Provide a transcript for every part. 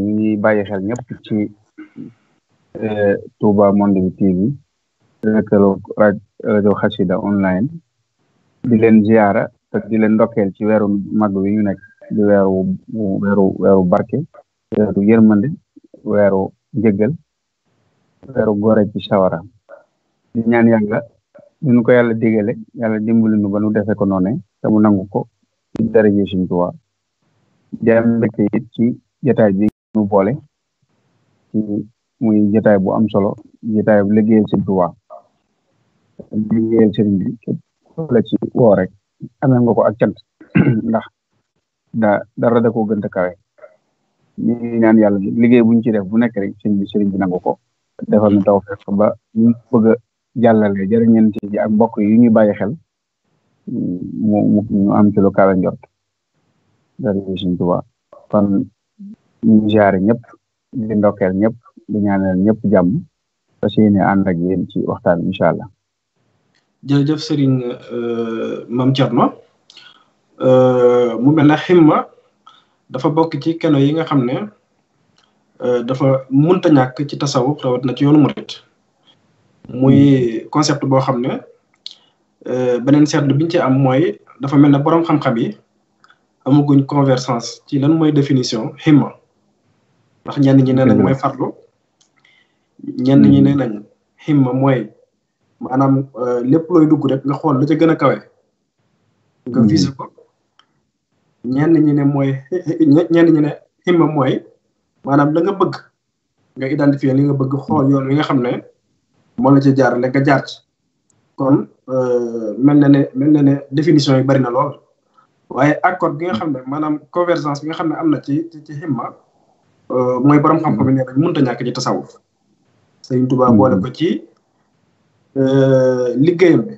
ñu ngi bàyyi xel ñëpp ci euh, Touba Monde bi TV lëkkaloo rajo Xassida online di leen ziara te di leen ndokkeel ci weeru mag wi ñu nekk di weeru weeru weeru barke weeru yërmande weeru njëggal ci sawara di ñaan yàlla ñu ko yàlla digale yàlla dimbali nu ba nu defe ko noone te mu nangu ko ci daraje Sëriñ Tuubaa jaam ci jotaay nu boole muy jataay bu am solo jataay bu liggéeyal sëñ Tuubaa liggéeyal ci woo rek amee nga ko ak cant ndax da dara da koo gënt kawe ñu ngi naan yàlla liggéey buñ ci def bu nekk rek sëñ bi sëriñ bi nangu ko defal na taw fekk ba ñu bëgg a jàllale jërëñeent ji ak mbokk yi ñu bàyyi xel mu mu ñu am ci lu kawe dara sëñ Tuubaa kon ñu jaare ñëpp di ndokkeel ñëpp di ñaanal ñëpp jàmm fas yéene ànd ak yéen ci waxtaan bi incha allah. jërëjëf Serigne euh, Mame Thierno euh, mu mel ne ximma dafa bokk ci keno yi nga xam ne euh, dafa munta ñàkk ci tasawuf rawat na ci yoonu murit muy concept boo xam ne beneen seetlu biñ ci am mooy dafa mel ne boroom xam-xam yi amaguñ convergence ci lan mooy définition ximma ndax ñenn ñi nee nañ mooy farlu ñenn ñi hmm. nee nañ ximma mooy maanaam euh, lépp looy dugg rek nga xool la ca gën a kawe nga hmm. visé ko ñenn ñi ne mooy ñenn ñi ne ximma mooy maanaam la bëgg nga identifier li nga bëgg xool yoon wi nga xam ne moo la ca jaarale nga jaar ci kon euh, mel na ne mel na ne définition yi bari na lool waaye accord bi nga xam ne maanaam convergence bi nga xam ne am na ci ci Euh, mooy borom xam-xam yi ne dañ ta a ñàkk ci tasawuf Sëriñ Tuubaa hmm. boole ko ci euh, liggéeyam bi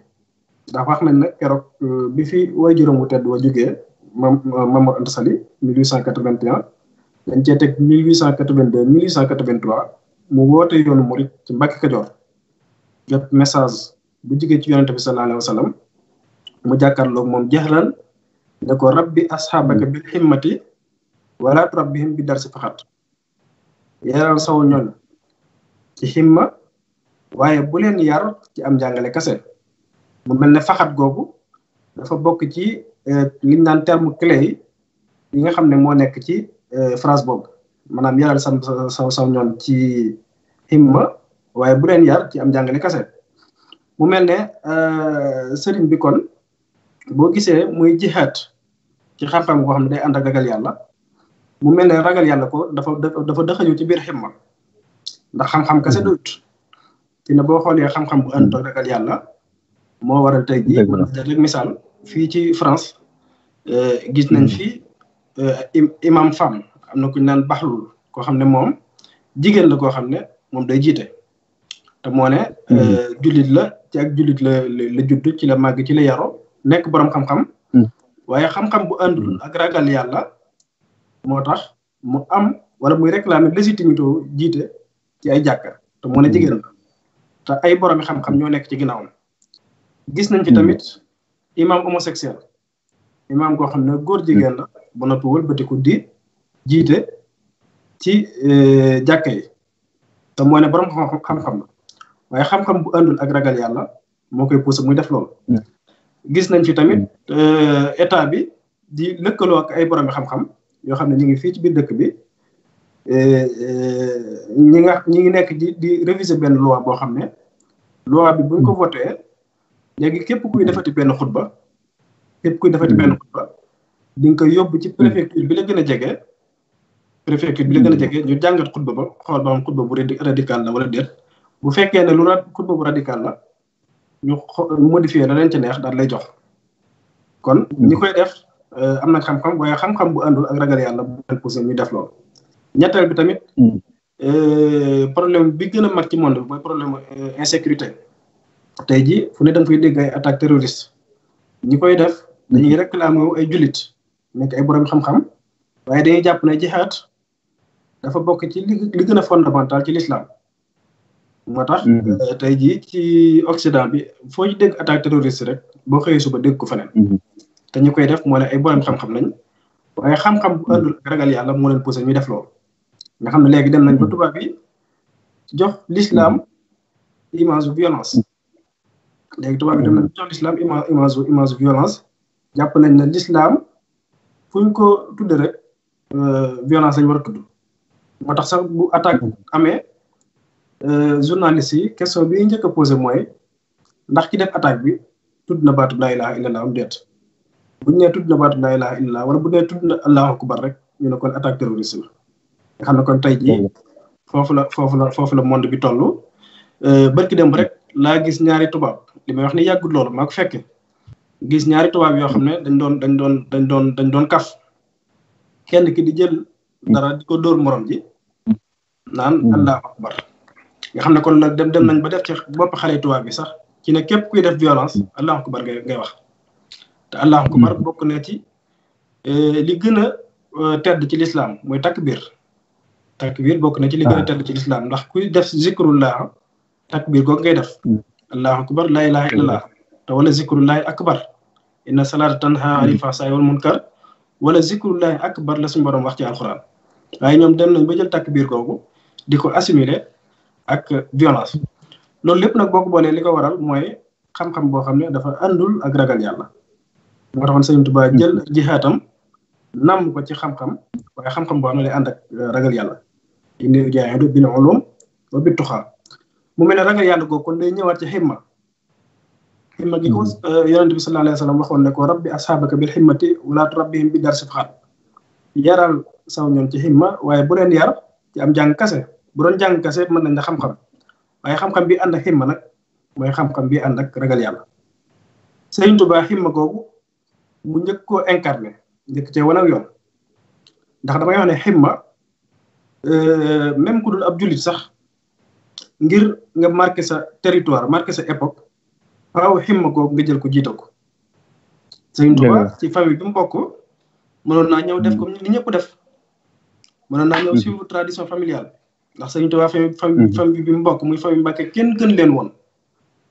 ndax wax nañ nag keroog euh, bi fi way juróom wu tedd wa jógee mam Mamoor Anta Sali 1881 dañ cee teg 1882 1883 mu woote yoonu murit ci Mbàkke Kajoor jot message bu jógee ci yonente bi sallallahu alayhi wa sallam mu jàkkaarloog moom jeexlan ne ko rabbi asxaabaka bil himmati wala turabbihim bi dar si faxat Euh, euh, yaral saw ñoñ ci himma waaye bu leen yar ci am jàngale kase mu mel ne faxat googu dafa bokk ci liñ naan terme clé yi nga xam ne moo nekk ci phrase boobu maanaam yaral sam saw saw ñoon ci himma waaye bu leen yar ci am jàngale kase mu mel ne sëriñ bi kon boo gisee muy jihaat ci xam-xam xam ne day ànd ak ragal yàlla mu mel ne ragal yàlla ko dafa da dëxañu ci biir ximma ndax xam-xam kese mm-hmm. doyut te ne boo xoolee xam-xam bu ànd ak mm-hmm. ragal yàlla moo waral tey jii rek misaal fii ci France euh, gis nañ mm-hmm. fi euh, imam femme am na ku naan baxlul koo xam ne moom jigéen la koo xam ne moom day jiite te moone ne euh, jullit la ci ak jullit la la judd ci la màgg ci la yaro nekk boroom xam-xam waaye xam-xam bu àndul ak ragal yàlla moo tax mu am wala muy réclamer légitimité jiite ci ay jàkka te moo ne jigéen la te ay boromi xam-xam ñoo nekk ci ma gis nañ ci hmm. tamit imam homosexuel imam koo xam ne góor jigéen la hmm. ba noppi wëlbatiku di jiite ci eh, jàkka yi te moo ne borom xam-xam la waaye xam-xam bu àndul ak ragal yàlla moo koy poussé muy def loolu. Hmm. gis nañ ci tamit eh, état bi di lëkkaloo ak ay boromi xam-xam. yoo xam ne ñu ngi fii ci biir dëkk bi e, e, ñi nga ñi ngi nekk di di réviser benn loi boo xam ne loi bi buñ ko hmm. voté léegi képp kuy defati benn xutba képp kuy defati benn hmm. xutba di nga koy yóbbu ci préfecture bi la gën a jege préfecture bi la gën a ñu jàngat xutba ba xool ba am xutba bu radical la wala déet bu fekkee ne lu ra xutba bu radical la ñu modifier la leen ci neex daal lay jox kon ñi hmm. koy def Euh, am na xam-xam waaye xam-xam bu àndul ak ragal yàlla bu leen poussé def loolu. ñetteel bi tamit. Mm. Euh, problème bi gën a mag ci monde bi mooy problème euh, insécurité. tey jii fo ne da nga fay dégg ay attaque terroriste ñi koy def dañuy mm. réclamé wu ay jullit nekk ay borom xam-xam waaye dañuy jàpp ne jihaad dafa bokk ci li li gën a fondamental ci l'islam moo tax mm-hmm. tey jii ci Occident bi foo ci dégg attaque terroriste rek boo xëyee suba dégg ko feneen mm-hmm. te ñu koy def moo leen ay borom xam-xam lañ waaye xam-xam bu àndul ragal yàlla moo leen poussé ñuy def loolu nga xam ne léegi dem nañ ba tubaab bi jox l'islam image violence léegi tubaab bi dem nañ jox l'islam image image violence jàpp nañ ne l'islam fu ñu ko tudde rek euh, violence lañ war a tudd moo tax sax bu attaque amee euh, journaliste yi question bi njëkk a posé mooy ndax ki def attaque bi tud na baatu laa ilaaha illallaah am déet buñ nee tudd na baatu laa ilaha illallah wala bu nee tudd na allahu akbar rek ñu ne kon attaque terroriste la nga xam ne kon tey jii foofu la foofu la foofu la monde bi tollu toll euh, barki dem rek laa gis ñaari tubaab li may wax ni yàggut loolu maa ko fekke gis ñaari tubaab yoo xam ne dañ doon dañ doon dañ doon dañ doon kaf kenn ki di jël dara di ko dóor morom ji naan allahu akbar nga xam ne kon nag dem dem nañ ba def ci bopp xale tubaab bi sax ci ne képp kuy def violence allahu akbar ngay ngay wax te allahu akbar hmm. bokk na ci eh, li gën a eh, tedd ci lislaam mooy takbir takbir bokk na ci li gën a ah. tedd ci lislaam ndax kuy def zikrullah takbir googu ngay def hmm. allahu akbar laa ilaha hmm. illallah te wala zikrullahi akbar ak bar tanha anil fahsaa'i wal munkar wala zikrullahi akbar la suñu borom wax ci alquran waaye ñoom dem nañ ba jël takbir googu di ko assimiler ak violence loolu lépp nag boo ko li ko waral mooy xam-xam boo xam ne dafa àndul ak ragal yàlla moo taxoon Sëriñ Tuubaa jël jihaatam nam ko ci xam-xam waaye xam-xam boo xam euh, ragal yàlla innil jaahidu mu mel ne ragal yàlla googu kon day ñëwaat ci ximma ximma gi ko hmm. euh, yonent bi sallallahu alayhi wa sallam waxoon ne ko rabbi asxaabaka bil himmati wala turabbihim bi dar sifxaat yaral saw ñoom ci ximma waaye bu leen yar ci am jàng kase bu doon jàng kase mën nañ na xam waaye xam bi ànd mooy xam bi ànd ak ragal yàlla Sëriñ Tuubaa ximma googu mu njëkk koo incarné njëkk ce wan yoon ndax damay wax ne ximma euh, même ku dul ab jullit sax ngir nga marqué sa territoire marqué sa époque faaw ximma ko nga jël ko jiite ko. Sëriñ Tuubaa ci famille bi mbokk bokk mënoon naa ñëw def mm. comme ñëpp def. mënoon naa ñëw mm. suivre tradition familiale ndax Sëriñ Tuubaa famille mm. famille bi mu bokk muy famille Mbàkke kenn gën leen woon.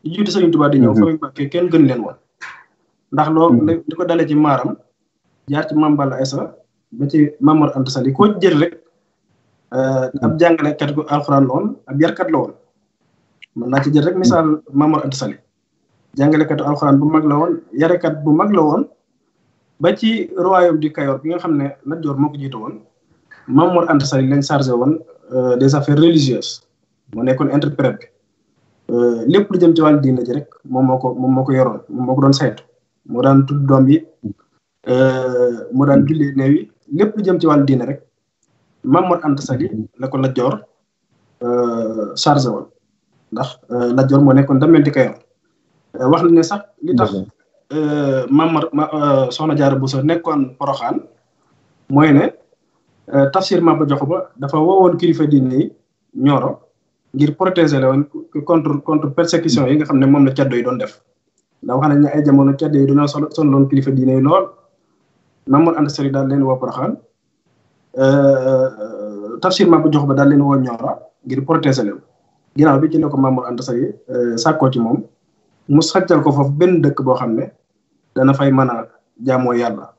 li jiitu Sëriñ Tuubaa di ñëw mm-hmm. famille Mbàkke kenn gën leen woon. ndax loolu hmm. di ko dale ci maaram jaar ci Mame Balla Aïssa ba ci Mamour Anta Sali koo jël rek euh, ab hmm. jàngalekat gu alxuraan la woon ab yarkat la woon man ci jël rek misaal hmm. Mamour Anta Sali jàngalekatu bu mag la yarekat bu mag la woon ba ci royaume du Kayor bi nga xam ne Lat Joor moo ko woon Mamour Anta Sali lañ chargé woon euh, des affaires religieuses moo nekkoon interprète bi euh, lépp lu jëm ci wàllu diina ji rek moom moo ko moo ko yoroon moo ko doon saytu moo daan tudd doom yi euh, moo daan julli néew lépp lu jëm ci wàllu diine rek Maam Mor Anta Sali la ko Lat euh, woon ndax euh, Lat Joor moo nekkoon Damel di Kajoor wax na ne sax li tax Maam Mor Soxna Jaara Bousso nekkoon Poroxaan mooy ne tafsir Maba Jaxu Ba dafa woowoon kilifa diine yi ñooro ngir protéger la woon contre contre persécution yi nga xam ne moom la caddo yi doon def ndax wax nañ ne ay jamono ceddo yi dañoo son sonaloon kilifa diine lool Mamour Anta Sali daal leen woo Porokhane euh, Tafsir Maba Diakhou Ba daal leen woo Nioro ngir protéger leen ginnaaw bi ci ne ko Mamour Anta Sali euh, sàkkoo ci moom mu sàccal ko foofu benn dëkk boo xam ne dana fay mën a jaamoo yàlla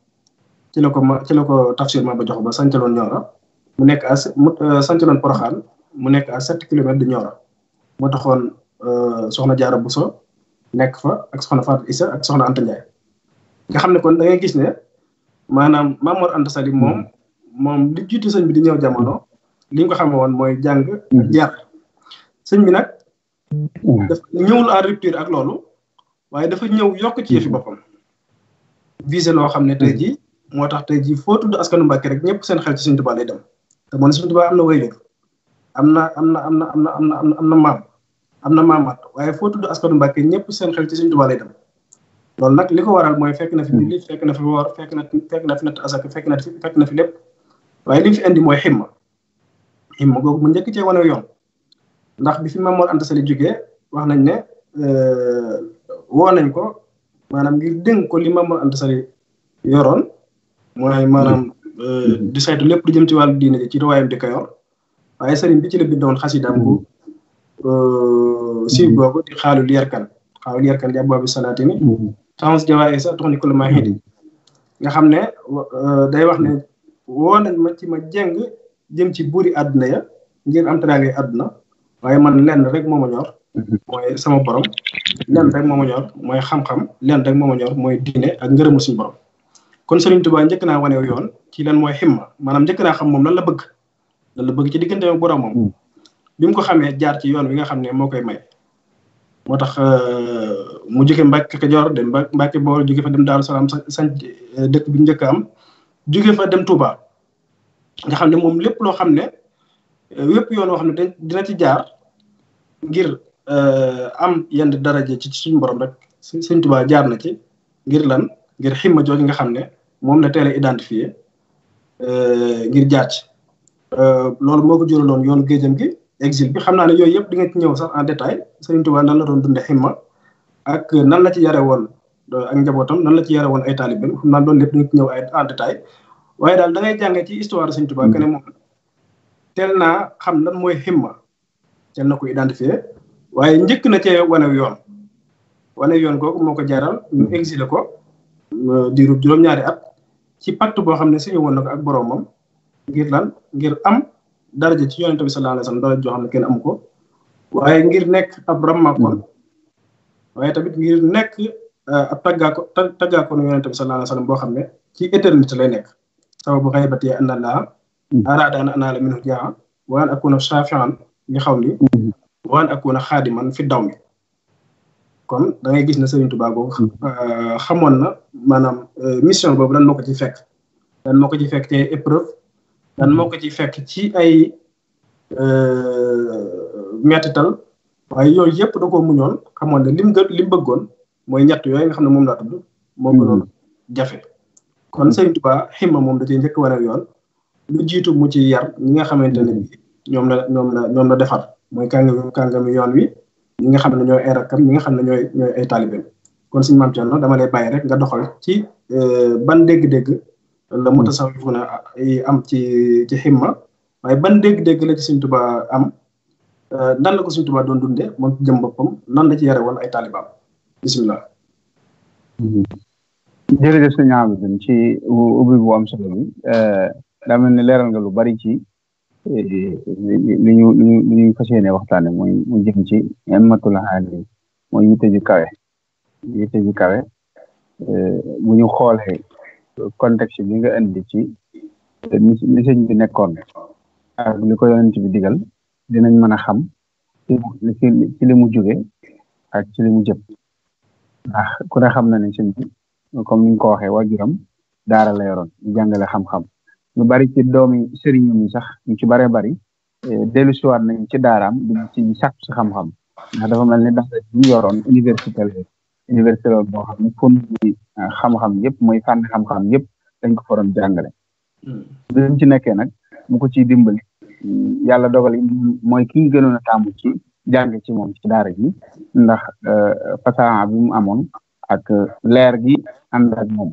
ci ko ma ci ko Tafsir Maba Diakhou Ba sancaloon Nioro mu nekk à mu euh, sancaloon Porokhane mu nekk à sept kilomètres de Nioro moo taxoon soxna jaar Jaara Bousso nekk fa ak soxna Fatou Issa ak soxna Anta Ndiaye nga xam ne kon da gis ne maanaam Mame Mor Anta Sali moom moom li jiitu sëñ bi di ñëw jamono liñ ñu ko xamee woon mooy jàng yar sëñ bi nag daf ñëwul en rupture ak loolu waaye dafa ñëw yokk ci yëfi boppam visé loo xam ne tey jii moo tax tey jii foo tudd askanu Mbàkke rek ñëpp seen xel ci Sëñ Tuubaa lay dem te moo ne Sëñ Tuubaa am na am na am na am na am na am na am na maam am na maam waaye foo tudd askanu Mbàkke ñëpp seen xel ci Sëriñ Tuubaa lay dem loolu nag li ko waral mooy fekk na fi julli fekk na fi woor fekk na fekk na fi natt asaka fekk na fi fekk na fi lépp waaye li fi indi mooy ximma ximma googu mu njëkk cee wane yoon ndax bi fi Mamoor Anta Sali jógee wax nañ ne euh, woo nañ ko maanaam ngir dénk ko li Mamoor Anta Sali yoroon mooy maanaam euh, di saytu lépp lu jëm ci wàllu diine ci tuwaayam di Kayoor waaye sëriñ bi ci la bindoon xasidaam Euh, si googu mm-hmm. di xaalul yarkan xaalul yarkan di abwaabi salaatini tans mm-hmm. jawaay sa tox ni kul ma xidi nga xam ne euh, day wax ne woo nañ ma ci ma jëng jëm ci buuri àdduna ya ngir am teraange àdduna waaye man leen rek moo ma ñor mm-hmm. mooy sama borom lenn rek moo mooy xam-xam lenn rek moo ma ñor mooy diine ak ngërëmu suñu borom kon Sëriñ Tuubaa njëkk naa wanew yoon ci lan mooy ximma maanaam njëkk naa xam moom lan la bëgg lan la bëgg ci diggante ak boromam bi mu ko xamee jaar ci yoon wi nga xam ne moo koy may moo tax euh, mu jóge Mbàkke Kajoor dem Mbàkke Bawol jóge fa dem Daaru Salaam sañ euh, dëkk bi njëkk am jóge fa dem Touba nga xam ne moom lépp loo xam ne euh, wépp yoon woo xam ne dina ci jaar ngir am yenn daraje ci suñu borom rek Sëñ Touba jaar na ci ngir lan ngir ximma jooju nga xam ne moom la teel a identifié ngir jaar ci loolu moo ko loon yoonu géejam gi exil bi xam naa ne yooyu yëpp di nga ci ñëw sax en détail Serigne Touba nan la doon dunde ximma ak nan la ci yare woon ak njabootam nan la ci yare woon ay taalibam xam naa doon lépp di nga ci waaye daal da ngay jànge ci histoire Serigne Touba que ne moom teel naa xam lan mooy ximma teel na ko identifier waaye njëkk na cee wane yoon wane yoon ko moo ko jaral ñu exilé ko diirub juróom-ñaari at ci pacte boo xam ne suñu woon na ko ak boroomam ngir lan ngir am daraja ci yonent bi sallallahu alayhi wa sallam ne kenn amu ko waaye ngir nekk ab rammaakoon waaye tamit ngir nekk euh, ab taggaako taggaakoon yonent bi sallallahu boo xam ne ci éternité lay nekk sababu xaybati anna laa araada an anaala minhu jaa wa an akuna shafian li xaw ni wa an akuna xaadiman fi daw mi kon da gis ne Serigne Touba boobu euh, xamoon na maanaam euh, mission boobu lan moo ko ci fekk lan moo ci fekk te épreuve nan moo ko ci fekk ci ay euh, mettital waaye yooyu yëpp da koo muñoon xamoon ne lim lim bëggoon mooy ñett yooyu nga xam ne moom laa tudd. moom la mm-hmm. jafe. kon Sëriñ Tuubaa xima moom da cee njëkk wane yoon lu jiitu mu ci yar ñi nga xamante ne bi mm-hmm. ñoom la ñoom la ñoom la defar mooy kàngami kàngami yoon wi ñi nga xam ne ñooy ay rakkam ñi nga xam ne ñooy ñooy ay taalibeem kon suñu maam Thierno dama lay bàyyi rek nga doxal ci euh, ban dégg-dégg. la mutasawwifuna am ci ci ximma waaye ban dég dégg la ci Sëriñ am euh, nan la ko Sëriñ Tuubaa doon moom jëm boppam nan la ci yare woon ay taalibaam bisimilah mm-hmm. jërëjëf sëñ Abdou ci ubbi bu am solo bi euh, daa mel ni leeral nga lu bari ci eh, li ñu li ñu waxtaane mooy mu jëm ci immatul aali mooy yitte ju kawe yitte ju kawe euh, bu ñu xoolee contexte bi nga indi ci li sëñ bi nekkoon ak li ko yonent bi digal dinañ mën a xam ci li mu jóge ak ci li mu jëm ndax ku ne xam na ne sëñ bi comme ni nga ko waxee waajuram daara la yoroon di jàngale xam-xam ñu bari ci doomi sëriñ yi sax ñu ci baree bari eh, dellusiwaat nañ ci daaraam di ci sàkku si xam-xam ndax dafa mel ni daara bi mu université la université la boo xam ne fond bi euh, xam-xam yëpp mooy fànn xam-xam yëpp dañ ko forom jàngale le hmm. ci nekkee nag mu ko ciy dimbali yàlla dogal mooy ki gënoon a taamu ci jàng ci moom ci daara ji ndax euh, fasaha bi mu amoon ak leer gi ànd ak moom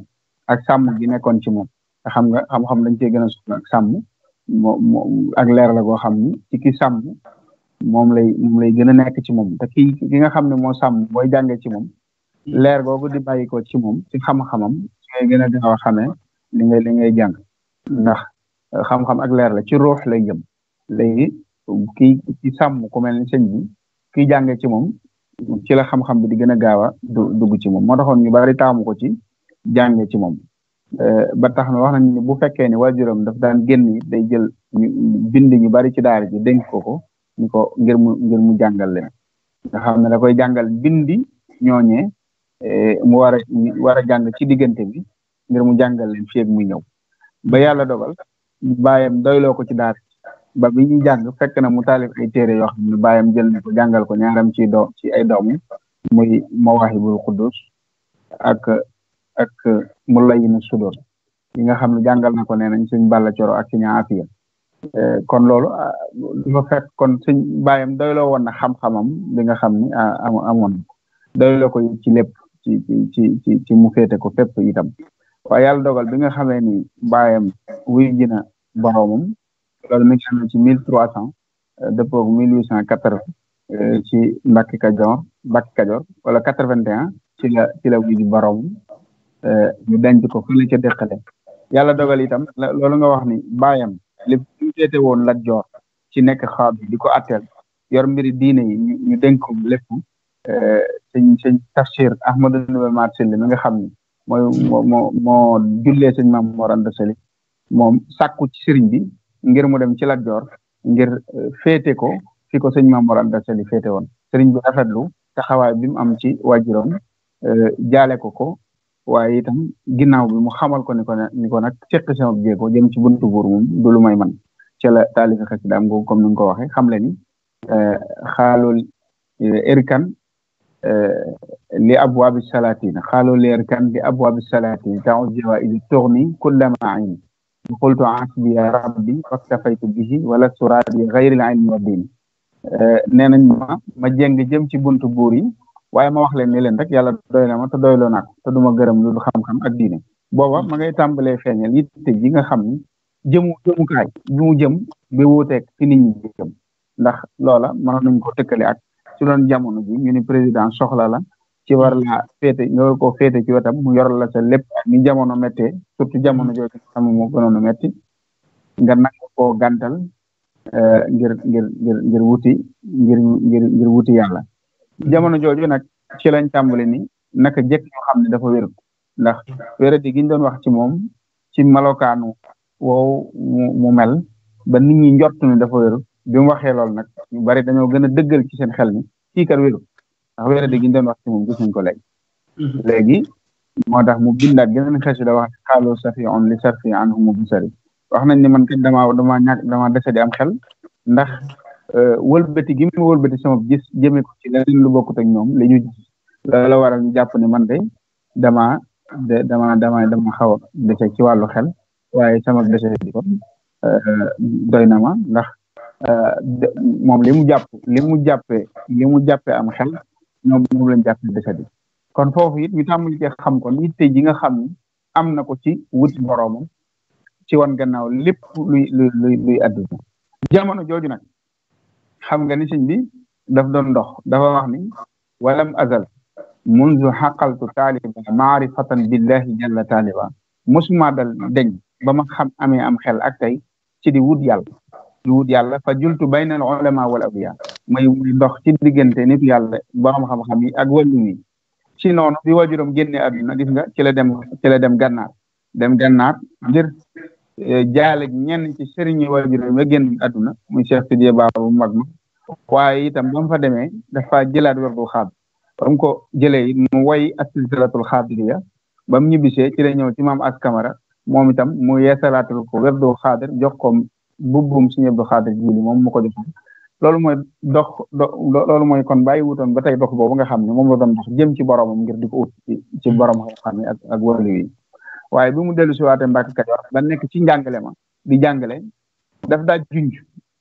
ak sàmm gi nekkoon ci moom te xam nga xam-xam dañ cee gën a soxla ak sàmm moo ak leer la goo xam ni ci ki sàmm moom lay moom lay gën a nekk ci moom te ki ki nga xam ne moo sàmm booy jàngee ci moom leer googu di bàyyi ci mom ci xam-xamam ngay gën a gaaw li ngay li ngay jàng ndax euh, xam-xam ak leer la ci ruux lay jëm léegi kii ci sàmm ku mel ni sëñ bi kii jànge ci moom ci la xam-xam bi di gën a gaaw a dugg ci moom moo taxoon ñu bari taamu ko ci jànge ci moom euh, ba tax na wax nañ ni bu fekkee ni waajuram daf daan génn day jël bind ñu bari ci daara ji dénk ko ko ko ngir mu ngir mu jàngal leen nga xam ne da koy jàngal bindi ñooñee Eh, mu war war a jàng ci diggante bi ngir mu jàngal leen fii ak muy ñëw ba yàlla dogal baayam doyloo ko ci daar ba bi ñuy jàng fekk na mu taalif ay téere yoo xam ne baayam jël na ko jàngal ko ñaaram ci doo ci ay doom muy Mawaahibul Quddus ak ak Mulayyinu Sudur yi nga xam ne jàngal na ko nee nañ suñ Balla Coro ak suñu Afiya eh, kon loolu dafa ah, fekk kon suñ baayam doyloo woon na xam-xamam bi nga xam ni ah, amoon doyloo ko ci lépp ci ci ci ci mu féete ko fépp itam waaye yàlla dogal bi nga xamee ni baayam wuy ji na boroomam loolu mi ngi ci mille trois cent euh, dëppoog mille huit cent quatre euh, ci Mbàkke Kajoor Mbàkke Kajoor wala quatre vingt et un ci la ci la wuy ji euh, ñu denc ko fële ca déqale yàlla dogal itam loolu nga wax ni baayam li mu féete Lat Joor ci nekk xaab di ko atteel yor mbiri diine yi ñu dénk ko lépp Euh, sëñ sëñ tafsir Ahmadou Ndoumbé Mar Syll mi nga xam ne mooy hmm. moo moo jullee sëñ Maam Mor Anta Sali moom sàkku ci sëriñ bi ngir mu dem ci Lat Joor ngir euh, féete ko fi ko sëñ Maam Mor Anta Sali féete woon sëriñ bi rafetlu taxawaay bi mu am ci waajuram euh, jaale ko ko waaye itam ginnaaw bi mu xamal ko ni ko ni ko nag seq sama jéego ci buntu buur moom du lu may man ci la taalifi xasidaam googu comme ni nga ko waxee xam le ni xaalul erkan li abwaabi salaatin xalo leer kan li abwaabi salaatin taw jiwa idi tourni kullama ayn qultu asbi ya rabbi waktafaytu bihi wala suraadi xayril ilmi wa diin nee nañ ma ma jéng jëm ci buntu buur yi waaye ma wax leen ni leen rek yàlla doy na ma te doyloo naa ko duma gërëm lu xam-xam ak diine booba ma ngay tàmbalee feeñal yitte ji nga xam ni jëmu jëmukaay bi mu jëm bi wuuteeg fi nit ñi jëm ndax loola mënoon nañ ko tëkkale ak su doon jamono bi ñu ni président soxla la ci war laa féete nga war koo féete ci wetam mu yor la sa lépp ni jamono méttee surtout jamono jooju sama moo gënoon a métti nga nangu koo gàntal euh, ngir ngir ngir ngir wuti ngir jamono jooju nag ci lañ tàmbali ni naka jëkk yoo xam ne dafa wér ndax wéradi gi ñu doon wax ci moom ci melokaanu wow mu mel ba nit ñi njort ne dafa wér bi mu waxee lool nag ñu bari dañoo gën a dëggal ci seen xel ni kii kat wéru ndax wéra di gi ñu doon wax ci moom gis nañ ko léegi mhm. léegi moo tax mu bindaat geneen xeesu da wax xaaloo safi on li sarfi an humu bu sari wax nañ ne man kat damaa damaa ñàkk damaa di am xel ndax euh, wëlbati gi mu wëlbati sama gis ci leneen lu bokkut ak ñoom la ñu gis la waral ñu jàpp ne man de damaa de dama dama dama xaw a dese ci wàllu xel waaye sama dese di ko euh, na ma ndax Euh, moom li mu jàpp li mu jàppee li mu jàppee am xel ñoom moom lañ jàppee desadi kon foofu it ñu tàmbali cee xam kon yitte ji nga xam am na ko ci wut boroomam ci wan gannaaw lépp luy luy luy àdduna jamono jooju nag xam nga ni sëñ bi daf doon ndox dafa wax ni walam azal munzu xaqaltu taaliba maarifatan billahi jalla taaliba mosuma dal deñ ba ma xam amee am xel ak tey ci di wut yàlla di wut yàlla fa jultu bayna al ulama wal awliya may muy dox ci diggante nit yàlla borom xam-xam yi ak wàllu yi ci noonu bi waajuram génne àdduna gis nga ci la dem ci la dem gànnaar dem gànnaar ngir eh, jaale ñenn ci sëriñi waajuram ya génn àdduna muy Cheikh Sidiya Baba bu mag ma waaye itam ba mu fa demee dafa jëlaat werdu xaab ba mu ko jëlee it mu woy as-silsilatul xaadiriya ba mu ñibbisee ci la ñëw ci maam as kamara moom itam mu yeesalaatal ko werdu xaadir jox bubbum Sëriñ Abdou Khadre Jili moom mu ko joxoon loolu mooy dox loolu mooy kon bàyyi wutoon ba tey dox boobu nga xam ne moom la doon dox jëm ci boromam ngir di ko ut ci ci mm. borom xam-xam yi ak ak wàllu yi waaye bi mu dellu si waatee Mbàkke ba nekk ci njàngale ma di jàngale daf daa junj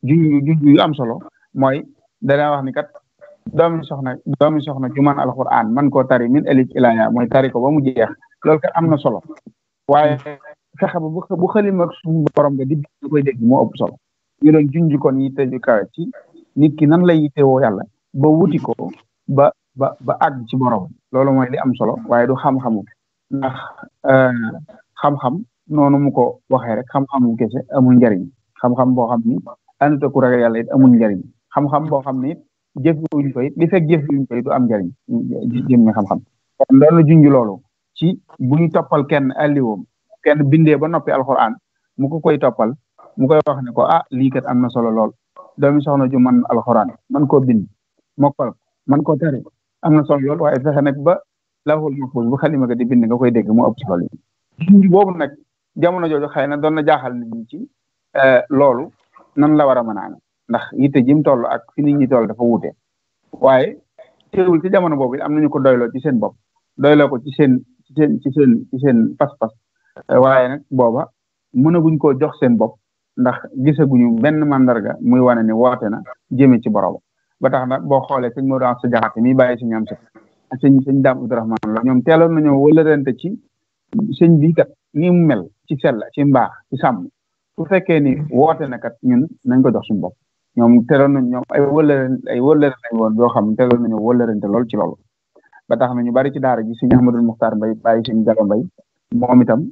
junj junj yu am solo mooy danaa wax ni kat doomi soxna doomi soxna ju man alxuraan man koo tari min alif ilaa yaa mooy tari ko ba mu jeex loolu kat am na solo waaye fexe ba bu bu xalima ak suñu borom nga digg nga koy dégg moo ëpp solo ñu doon kon yitte ju kawe ci nit ki nan la yittewoo yàlla ba wuti ko ba ba ba àgg ci borom loolu mooy li am solo waaye du xam-xamu ndax euh, xam-xam noonu mu ko waxee rek xam-xamu kese amul njariñ xam-xam boo xam ni àndut ak ku ragal yàlla it amul xam boo xam ni jëf wuñ ko it li fekk jëf wuñ du am njariñ jëm ne xam ci bu ñu toppal kenn alliwoom kenn bindee ba noppi alxuraan mu ko koy toppal mu koy wax ne ko a ah, lii kat am na solo lool doomi soxna ju man alxuraan man koo bind mokkal man koo tari am na solo lool waaye fexe nag ba lawhul mahfuz bu xalima ga di bind nga koy dégg mu ëpp ci xol yi jamono jooju xëy na doon na jaaxal nit ñi ci eh, loolu nan la war a mën a ndax yitte jim toll ak fi nit ñi toll dafa wuute waaye teewul ci jamono boobu am nañu ko doyloo ci seen bopp doyloo ko ci seen ci seen waaye nag booba mënaguñ koo jox seen bopp ndax gisaguñu benn mandarga muy wane ni woote na jëme ci borom ba tax nag boo xoolee sëñ Modou Anta Jaxate mi bàyyi si ñam si sëñ sëñ Daam Abdourahmaan la ñoom teeloon nañoo wëlërante ci sëñ bi kat ni mu mel ci sell ci mbaax ci sàmm su fekkee ni woote na ñun nañ ko jox suñu bopp ñoom teeloon nañ ñoom ay wëlërante ay wëlërante lañ woon yoo xam teeloon nañoo wëlërante lool ci loolu ba tax na ñu bari ci daar daara ji sëñ Ahmadul Muxtaar Mbay bàyyi sëñ Jalo bay moom itam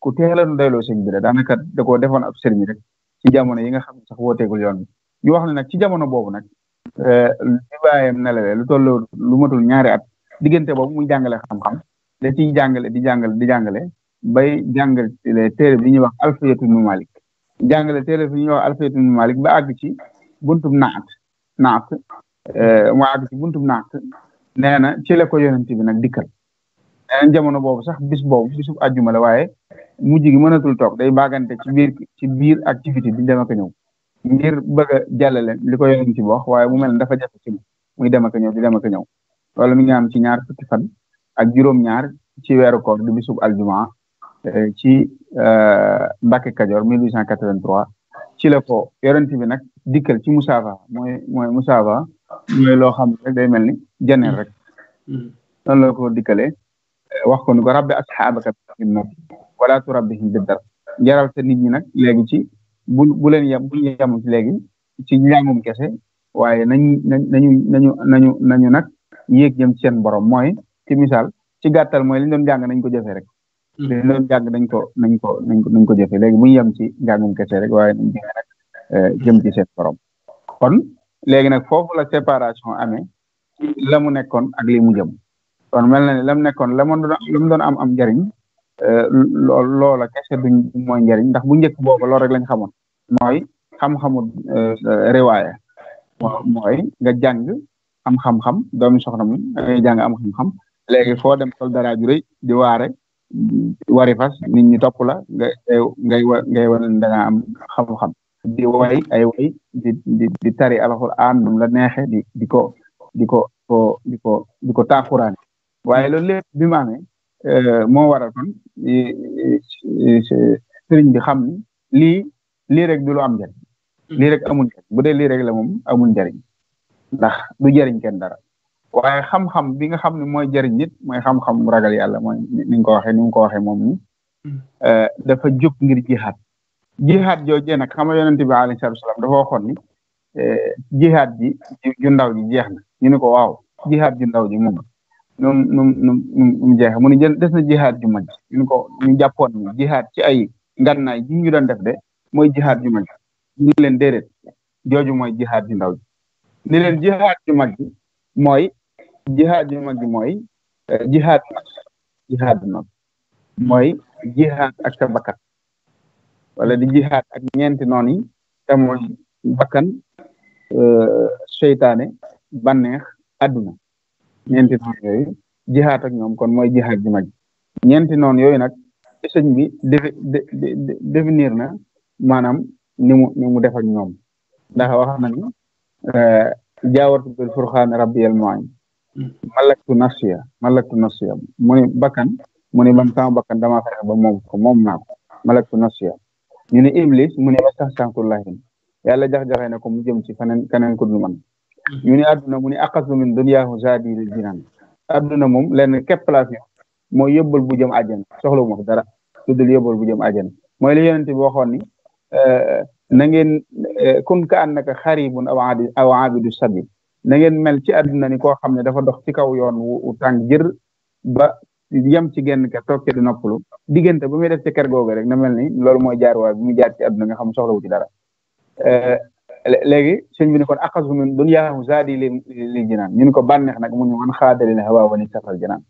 ku teel a doyloo sëñ bi la daanaka da koo defoon ab sëriñ rek ci jamono yi nga xam ne sax wooteegul yoon bi ñu wax ne nag ci jamono boobu nag euh, li bàyyam nelawee lu toll lu matul ñaari at diggante boobu muy jàngale xam-xam da ciy jàngale di jàngale di jàngale bay jàngale téere bi ñuy wax alfiyatu nu malik jàngale téere bi ñuy wax alfiyatu mu malik ba àgg ci buntum naat naat euh, mu àgg ci buntum naat nee na ci la ko bi nag dikkal nee na jamono boobu sax bis boobu bisu àjjuma la waaye mujj gi mënatul toog day baagante ci biir ci biir activité bi dem ak ñëw ngir bëgg a jàllale li ko yoon ci wax waaye mu mel ne dafa jafe ci muy dem ak ñëw di dem ak ñëw loolu mi ngi am ci ñaar fukki fan ak juróom-ñaar ci weeru koor di bisub aljumaa eh, ci eh, Mbàkke Kajoor 1883 ci la ko yorenti bi nag dikkal ci musaafa mooy mooy musaafa mooy loo xam ne day mel ni janeel rek mm. noonu la ko dikkalee eh, wax ko ni ko rabbi asxaabaka wala turabbihim bi dara jaral te nit ñi nag léegi ci bu bu leen yem bu ñu yemul léegi ci njàngum kese waaye nañu nañu nañu nañu nañu nag yéeg jëm ci seen borom mooy ci misaal ci gàttal mooy liñ doon jàng nañ ko jëfee rek. Hmm. liñ doon jàng nañ ko nañ ko nañ ko nañ ko jëfee léegi bu ñu yem ci njàngum kese rek waaye nañ jëfee nag euh, jëm ci seen borom kon léegi nag foofu la séparation amee la mu nekkoon ak li mu jëm kon mel na ne la mu nekkoon la mu doon am am njariñ Euh, lool loola kese duñ mooy ndax bu njëkk booba loolu rek lañ xamoon mooy xam-xamu euh, riwaaya mooy nga jàng am xam-xam doomi soxna moom dangay jàng am xam-xam léegi foo dem sol dara ju rëy di waare wari fas nit ñi topp la nga ngay ngay wane dangaa am xam-xam di way ay way di di di tari alxuraan num la neexe di di ko di ko ko di ko ko taakuraane Euh, moo waral kon sëriñ bi xam ni lii rek du lu am njariñ hmm. lii rek amul njariñ bu dee rek la moom amul njariñ ndax du jariñ kenn dara waaye xam-xam bi nga xam ne mooy jariñ nit mooy xam-xam ragal yàlla mooy ni nga ko waxee ni nga ko waxee moom ni hmm. euh, dafa jóg ngir jihaad jihaad joojee nag xam nga yonente bi alayhi salaatu salaam dafa waxoon ni euh, jixaat ji ju ndaw ji jeex na ñu ne ko waaw jihaad ju ndaw ji moom nu mu nu mu nu jeexe mu ne jël des na jihaat ju mag ñu ko ñu jàppoon ni jihaat ci ay ngànnaay ji ñu doon def de mooy jihaat ju mag ñu leen déedéet jooju mooy jihaat ju ndaw ji ni leen jihaat ju mag mooy jihaat ju mag ji mooy jihaat jihaat ju mooy jihaat ak sa wala di jihaat ak ñeenti noon yi te mooy eh, seytaane bànneex àdduna ñeenti noonu yooyu jihaat ak ñoom kon mooy jihaat ji mag ñeenti noonu yooyu nag sëñ bi définir na maanaam ni mu ni mu def ak ñoom ndax wax na ni eh, jaawartu bil furxaan rabbiyal mu'in malaktu nafsiya malaktu nafsiya mu ni bakkan mu ni man sama bakkan dama fexe ba moom ko moom naa ko malaktu nafsiya ñu ni iblis mu ni wastax sànkullahin yàlla jax-jaxee ne ko mu jëm ci feneen keneen ku dul man ñu ne àdduna mu ne aqasu min dunyaahu zaadi lil jinaan àdduna moom lenn képp laa fi mooy yóbbal bu jëm àjjana soxla wu ma dara lu dul bu jëm àjjana mooy li yonente bi waxoon ni eh, na ngeen eh, kun ka annaka xaribun aw aadi aw du sabil na ngeen mel ci àdduna ni koo xam ne dafa dox ci kaw yoon wu tàng jër ba yem ci genn kër toog ca di noppalu diggante ba muy def ci kër googu rek na mel ni loolu mooy jaar waa bi mu jaar ci àdduna nga xam soxlawu ci dara eh, léegi sëñ bi ne kon aqasu min dunyaahu zaadi li li jinaan ñu ne ko bànneex nag mu ne wan xaadali la hawaa wani safal jinaan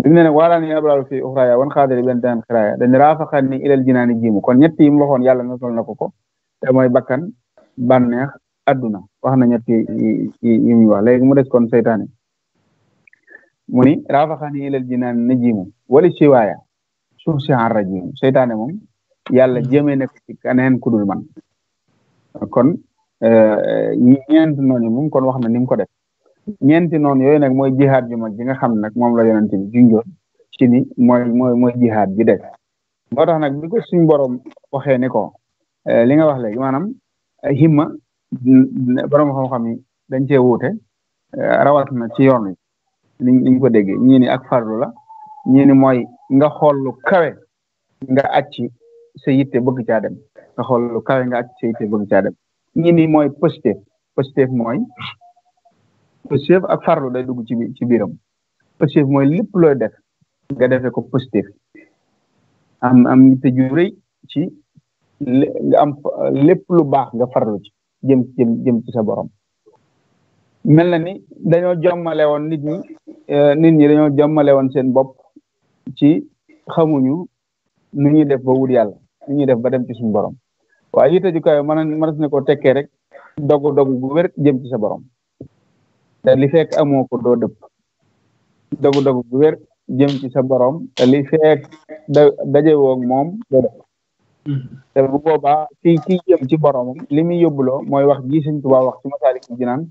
bi mu ne nag waalaan yi abraaru fii wan xaadali benn daan xiraaya dañ raafaxan ni ilal jinaani kon ñett yi mu waxoon yàlla natol na ko ko te mooy bakkan banneex adduna wax na ñett yi yi muy wax léegi mu des kon seytaane mu ni raafaxan ni ilal jinaan na jiimu wali siwaaya si en rajiim seytaane moom yàlla jéemee nekk ku man kon euh, ñeenti noonu moom kon wax na ni mu ko def ñeenti noonu yooyu nag mooy jihaad ju mag bi nga xam ne nag moom la yonent bi junjoon ci ni mooy mooy mooy jihaad bi def moo tax nag bi ko suñ borom waxee ni ko euh, li nga wax léegi maanaam euh, himma borom xam-xam yi dañ cee wuute rawat na ci yoon wi niñ ko déggee ñii ak farlu la ñii ni mooy nga xool lu kawe nga acci sa yitte bëgg caa dem nga lu kawe nga ak séyte bëgg caa dem ñi ni mooy positif positif mooy positif ak farlu day dugg ci ci biiram positif mooy lépp looy def nga defee ko positif am am te ju ci nga lu baax nga farlu ci jëm jëm jëm ci sa borom mel na ni dañoo jommale woon nit ñi eh, nit ñi dañoo jommale woon seen bopp ci xamuñu nu ñuy def ba wut yàlla nu ñuy def ba dem ci suñu borom waaye yitte ju kawe mën mën na koo tekkee rek dogu dogu bu wér jëm ci sa borom te li fekk amoo ko do dëpp dogu dogu bu jëm ci sa borom te li fekk da dajewoo ak moom doo ki jëm ci boromam li muy yóbbuloo mooy wax ji Sëñ Tuubaa wax ci Masaalikul Jinaan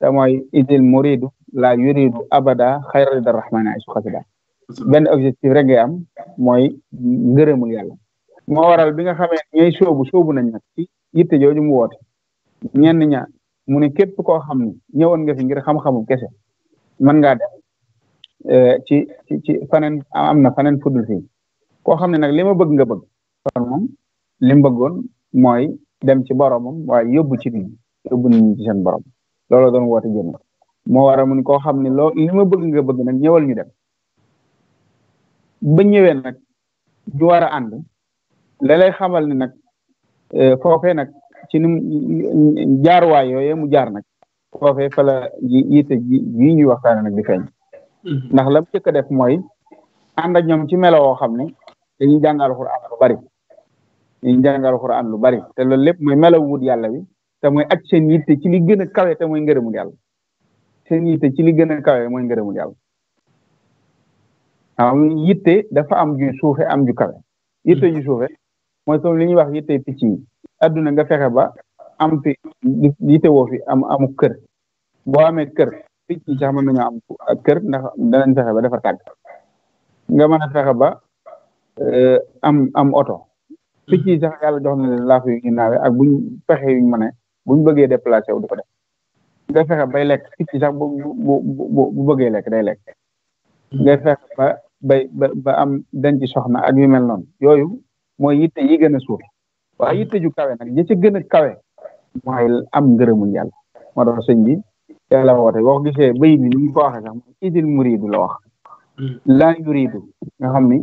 te mooy idil muridu la yuridu abada xayra ridar rahmani ay su xasida benn objectif rek ngay am mooy ngërëmul yàlla moo waral bi nga xamee ñooy sóobu sóobu nañ nag ci yitte jooju mu woote ñenn ñaar mu ne képp koo xam ne ñëwoon nga fi ngir xam-xamu kese man ngaa def eh, ci ci ci faneen am na faneen fudul fii koo xam ne nag li ma bëgg nga bëgg kon moom li mu bëggoon mooy dem ci boromam waaye yóbbu ci nit yóbbu nit ñi ci seen borom looloo doon woote jëm moo waral mu ne koo xam ne loo li ma bëgg nga bëgg nag ñëwal ñu dem ba ñëwee nag ñu war a la xamal ne nag euh, foofee nag ci num jaarwaay yooyee mu jaar nag foofee fa la yitte ji yi ñuy waxtaane nag di feeñ mm-hmm. ndax la mu jëkk a def mooy ànd ak ñoom ci melo woo xam ne dañuy jàngal xuraan lu bari lu bari te loolu lépp mooy melaw wut yàlla bi te mooy ak seen yitte ci li gën a kawe te mooy ngërëmul yàlla seen yitte ci li gën a kawe mooy ngërëmul yàlla dafa am ju suufe am ju kawe yitte ju mm-hmm. suufe mooy comme li ñuy wax yitte picc yi adduna nga fexe ba am fi yitte woo fi am amu kër boo amee kër picc yi sax mën nañoo am kër ndax danañ fexe ba dafa tàgg nga mën fexe ba eh, am am oto picc yi sax yàlla jox na leen laafu yu ñu naawe ak buñ fexe yuñ mën a buñ bëggee déplacé wu du ko def nga fexe bay lekk picc yi sax bu bu bu bu bëggee lekk day lekk nga fexe ba ba ba am denc soxna ak yu mel noonu yooyu mooy yitte yi gën a suuf waaye hmm. yitte ju kawe nag ñi ci gën a kawe mooy am ngërëmul yàlla moo tax sëñ bi yàlla woote boo ko gisee bay bi ni ñu ko waxee sax mooy idil muridu la wax hmm. laa yuridu nga xam ni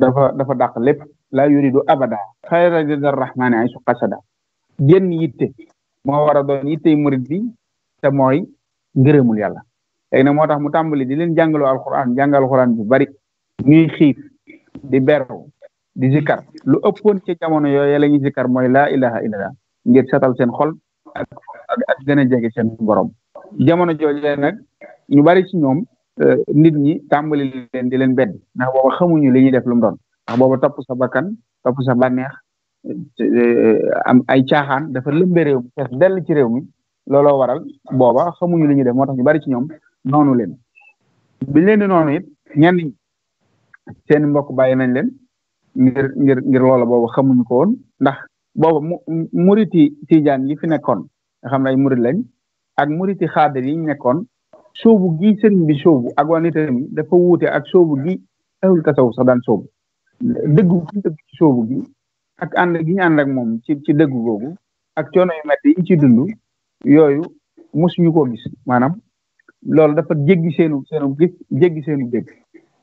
dafa dafa dàq lépp laa yuridu abada xayra lidar rahmaani ay su qasada génn yitte moo war a doon yittey murid bi te mooy ngërëmul yàlla léegi nag moo tax mu tàmbali di leen jàngaloo alquran jàngal alquran bu bari ñuy xiif di beru di zikkar lu ëppoon ci jamono yooyu la ñuy mooy laa ilaha illallah ngir setal seen xol ak ak gën a jege seen borom jamono leen nag ñu bari ci ñoom euh, nit ñi tàmbali leen di leen bedd ndax booba xamuñu li ñuy def lu mu doon ndax booba topp sa bakkan topp sa bànneex euh, am ay caaxaan dafa lëmbe réew dell ci réew mi looloo waral booba xamuñu li ñuy def moo tax ñu bari ci ñoom noonu leen biñ leen di noonu it ñenn seen mbokk bàyyi nañ leen ngir ngir ngir loola boobu xamuñu ko woon ndax booba mu muriti tijaan yi fi nekkoon nga xam ne ay murit lañ ak muriti xaadir yi nekkoon soobu gi sëriñ bi soobu ak waa nitam dafa wuute ak soobu gi ahlu tasawuf sax daan soobu dëggu gi dëgg ci gi ak ànd gi ñu ànd moom ci ci dëggu googu ak coono yu metti yi ñu ciy dund yooyu mosuñu koo gis maanaam loolu dafa jéggi seenu seenu gis jéggi seenu dégg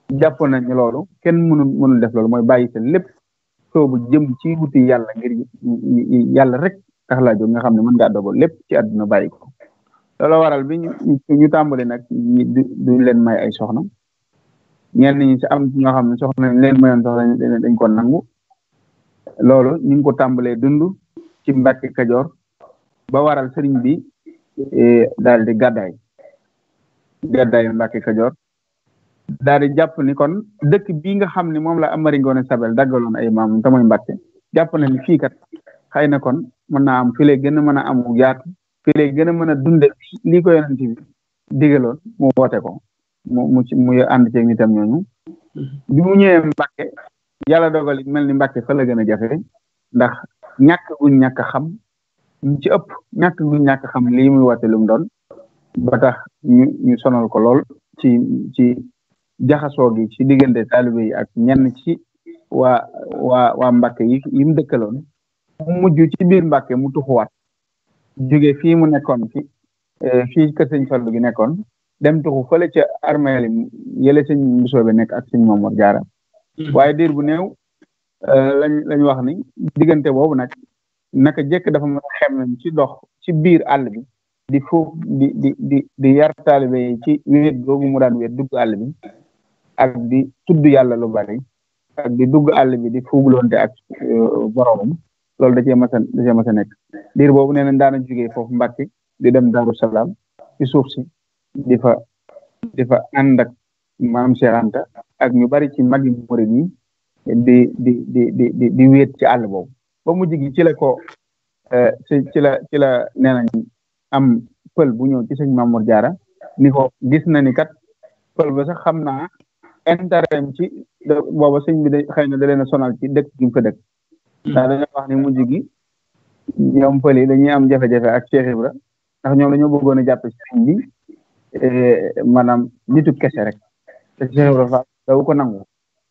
jàpp nañ loolu kenn mënul mënul def loolu mooy bàyyi sa lépp soobu jëm ci wuti yàlla ngir yàlla rek tax laa jóg nga xam ne mën ngaa dogal lépp ci àdduna bàyyi ko loolu waral bi ñu tàmbali nag duñ leen may ay soxna ñenn ñi ci am ñoo xam ne soxna leen mayoon soxna dañ ko nangu loolu ñu ngi ko tàmbalee dund ci Mbàkke Kajoor ba waral sëriñ bi eh, daal di gàddaay gàddaay Mbàkke Kajoor daal di jàpp ni kon dëkk bii nga xam ne moom la Amari Ngoone Sabel daggaloon ay maam te muy Mbàkke jàpp na ni fii kat xëy na kon mën naa am fi gën a mën a amu yaatu fi lay gën a mën a dunde lii ko yonent bi digaloon mu woote ko mu mu mu ànd ceeg nitam ñooñu bi mu ñëwee Mbàkke yàlla dogal mel ni Mbàkke fa la gën a jafe ndax ñàkk guñ ñàkk xam ñu ci ëpp ñàkk guñ ñàkk xam lii muy woote lu mu doon ba tax ñu ñu ko lool ci ci jaxasoo gi ci diggante taalibe yi ak ñenn ci waa waa waa Mbàkke yi dëkkaloon mu mujj ci biir mbake mu tuxuwaat jóge fii mu nekkoon ci eh, fii kër sëñ Fallu gi nekkoon dem tuxu fële ca armeel yi yële sëñ Mbusoobe nekk ak sëñ Mamoor Jaara mm-hmm. waaye diir bu néew eh, lañ lañ wax ni diggante boobu nag naka jëkk dafa mën a ci dox ci biir àll bi di foofu di di di yar taalibe yi ci wéet googu mu daan wéet dugg àll bi ak di tudd yàlla lu bari ak di dugg àll bi di fuugloonte ak euh, boromam loolu da cee da cee mas nekk diir boobu nee nañ daana jógee foofu Mbàkke di dem Daaru Salaam ci suuf si di fa di fa ànd ak maam Cheikh ak ñu bari ci magi murid yi di di di di di ci àll boobu ba mu gi ci la ko euh, ci la ci la nee nañ am pël bu ñëw ci sëñ Mamour Diarra ni ko gis na ni kat pël ba sax xam naa intérim ci booba sëñ bi da xëy na da a sonal ci dek gi mu fa dëkk hmm. ndax dañoo wax ni mujj gi ñoom pël yi dañuy am jafe-jafe ak Cheikh Ibra ndax ñoom dañoo bëggoon a jàpp eh, maanaam nitu kese rek te Cheikh ko nangu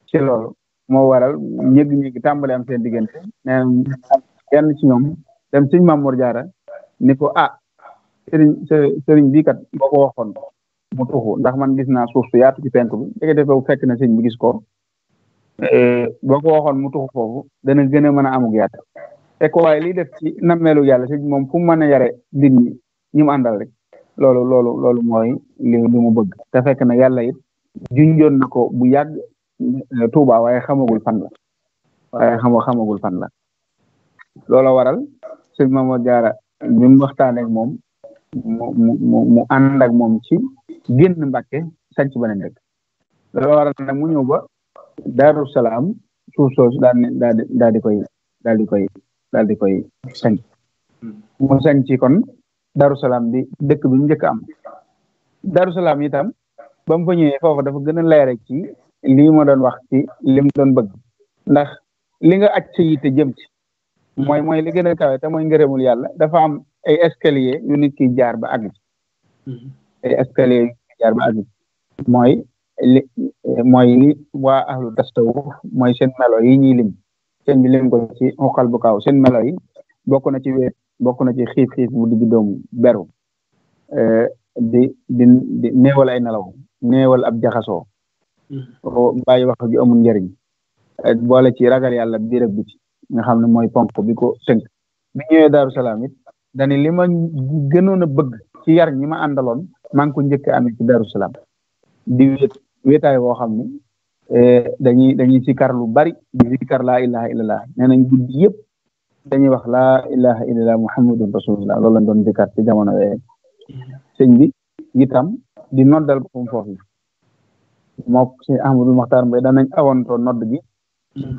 ci loolu moo waral ñëgg-ñëgg tàmbali am seen diggante neen kenn ci ñoom dem sëñ Mamour Diarra ni ko ah sëriñ sëriñ kat boo ko waxoon mu tuxu ndax man gis naa suuf su yaatu ci penk bi dégg nga fekk na sëñ bi gis ko eh, boo ko waxoon mu tuxu foofu dana gën a mën a amug yaatu te ko waaye liy def ci nammeelu yàlla sëñ moom fu mu mën a yare nit ñi ñi àndal rek loolu loolu loolu mooy li mu bëgg te fekk na yàlla it junjoon na ko bu yàgg eh, Tuuba waaye xamagul fan la waaye xam fan la loola waral sëñ Mamadou Diarra bi mu waxtaanee moom mu mu mu ànd moom ci. génn Mbàkke sanc beneen dëkk loolu waral nag mu ñëw ba Daaru Salaam suuf soosu daal di koy daal koy daal di koy sanc mu sanc kon Daaru bi dëkk bi njëkk am Daaru Salaam itam ba mu foofu dafa gën a leere ci lii ma doon wax ci li mu bëgg ndax li nga aj sa yitte jëm ci mooy mooy li gën a kawe ta mooy ngërëmul yàlla dafa am ay escalier yu nit ki jaar ba àgg escalier yi jaar mooy li mooy li waa ahlu tastawuf mooy seen melo yi ñuy lim seen bi lim ko ci xal bu kaw seen melo yi bokk na ci bokk na ci xiif xiif bu digg doomu beru eh, di di di néewal ay nelaw néewal ab jaxasoo hmm. oh, bàyyi wax ju amul njëriñ eh, boole ci ragal yàlla biir ak xam ne mooy ponk bi ko tënk bi ñëwee daaru salaam it dani li ma gënoon a bëgg ci yar ñi ma àndaloon maa ngi ko njëkk amee ci Darou di wét wéetaay xam ne eh, dañuy dañuy sikar lu bari di sikar laa ilaha illallah nee nañ guddi yëpp dañuy wax laa ilaha illallah muhammadun rasulullah loolu lañ doon sikar ci jamono yooyu sëñ bi itam di noddal boppam foofu mook sëñ Ahmadul Maxtaar Mbay danañ awantoo nodd gi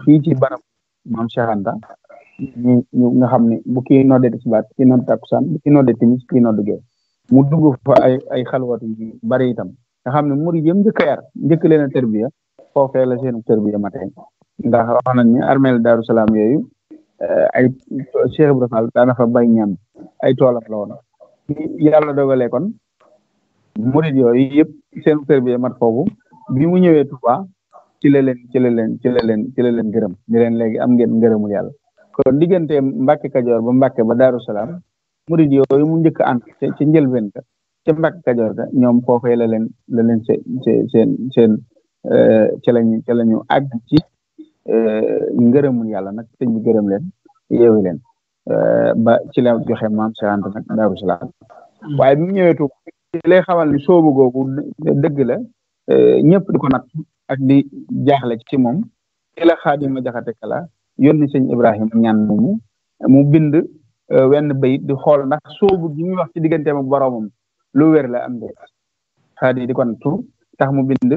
fii ci barab maam Cheikh Anta ñu nga xam ni bu kii noddee tisbaar kii nodd takkusaan bu kii noddee timis kii nodd mu dugg fa ay ay xalwat yu bari itam nga xam ne murid yëpp njëkk a njëkk leen a tërbiya foofee la seen tërbiya ma tey ndax nañ ni armeel Daaru Salaam yooyu eh, ay Cheikh Ibrahima Fall daana fa bay ñam ay toolam la woon yàlla dogalee kon murid yooyu yëpp seen tërbiya mat foofu bi mu ñëwee Touba ci la leen ci la leen ci la leen ci la leen gërëm ni leen léegi am ngeen ngërëmul yàlla kon diggante Mbàkke Kajoor ba Mbàkke ba Daaru Salaam murid yooyu mu njëkk ànd ca njëlbeen ka ca Mbàkke Kajoor ga ñoom foofee la leen la leen seen seen seen eh, ca lañu ca ci eh, ngërëmul yàlla nag sëñ bi gërëm leen yeewi leen eh, ba ci la joxe maam Cheikh Anta nag Daaru mm. waaye bi mu ñëwee Tuuba ci lay xamal ni soobu googu dëgg la ñëpp di ko nag di jaaxle ci moom ci la Xaadima Jaxate Kala yónni sëñ Ibrahima ñaan moomu mu bind Euh, wenn bayit di xool ndax sóobu gi muy wax ci digganteem ak boroomam lu wér la am de xaadi di kon tu tax mu bind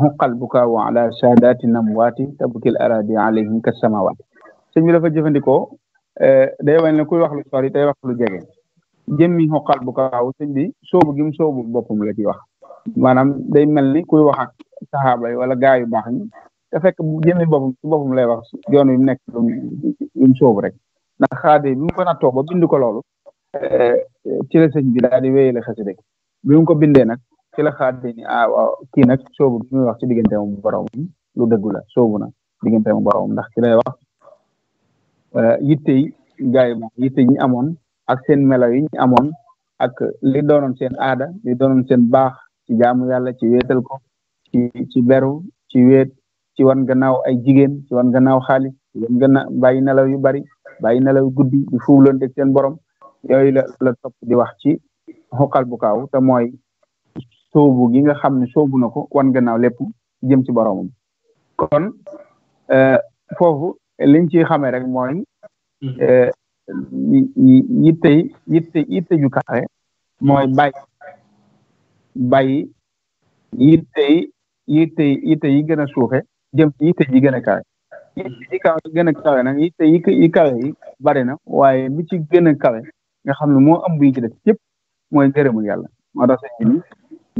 xuqal euh, bukaawu ala saadaati namwaati tabukil aradi alayhim sama wa sëñ bi dafa jëfandikoo euh, day wane ne kuy wax lu sori tey wax lu jege jëmmi xuqal bukaawu sëñ bi sóobu gi mu sóobu boppam la ci wax maanaam day mel ni kuy wax ak saxaaba yi wala gaa yu baax ñi te fekk bu jëmmi boppam ci boppam lay wax yoon wi nekk lu mu rek ndax xaade bi mu ko nattoo ba bind ko loolu eh, ci la sëñ bi daal di wéyale xasida gi bi ko bindee nag ci la xaade ni ah waaw kii nag soobu bi muy wax ci diggante mu borom lu dëggu la soobu na diggante mu borom ndax ci lay wax eh, yitte yi yitte ñu amoon ak seen melaw yi ñu amoon ak li doonoon seen aada li doonoon seen baax ci jaamu yàlla ci wéetal ko beru ci wéet ci wan gannaaw ay jigéen ci wan gannaaw xaalis ci wan gannaaw bàyyi nelaw yu bari bàyyi nelaw guddi di fuulanteeg seen borom yooyu la la di wax ci xoqal bu kaaw te mooy soobu gi nga xam ne soobu na ko wan gannaaw lépp jëm ci boromam kon euh, foofu liñ ci xamee rek mooy mm-hmm. euh, yitte yitte yitte ju kawe mooy bàyyi bàyyi yitte yi gën a suufe jëm ci yitte ji gën a kawe nag yi te yi yi kawe yi bari na waaye bi ci gën a kawe nga xam ne moo am bu yi ci def yëpp mooy ngërëmul yàlla moo tax sëñ bi ni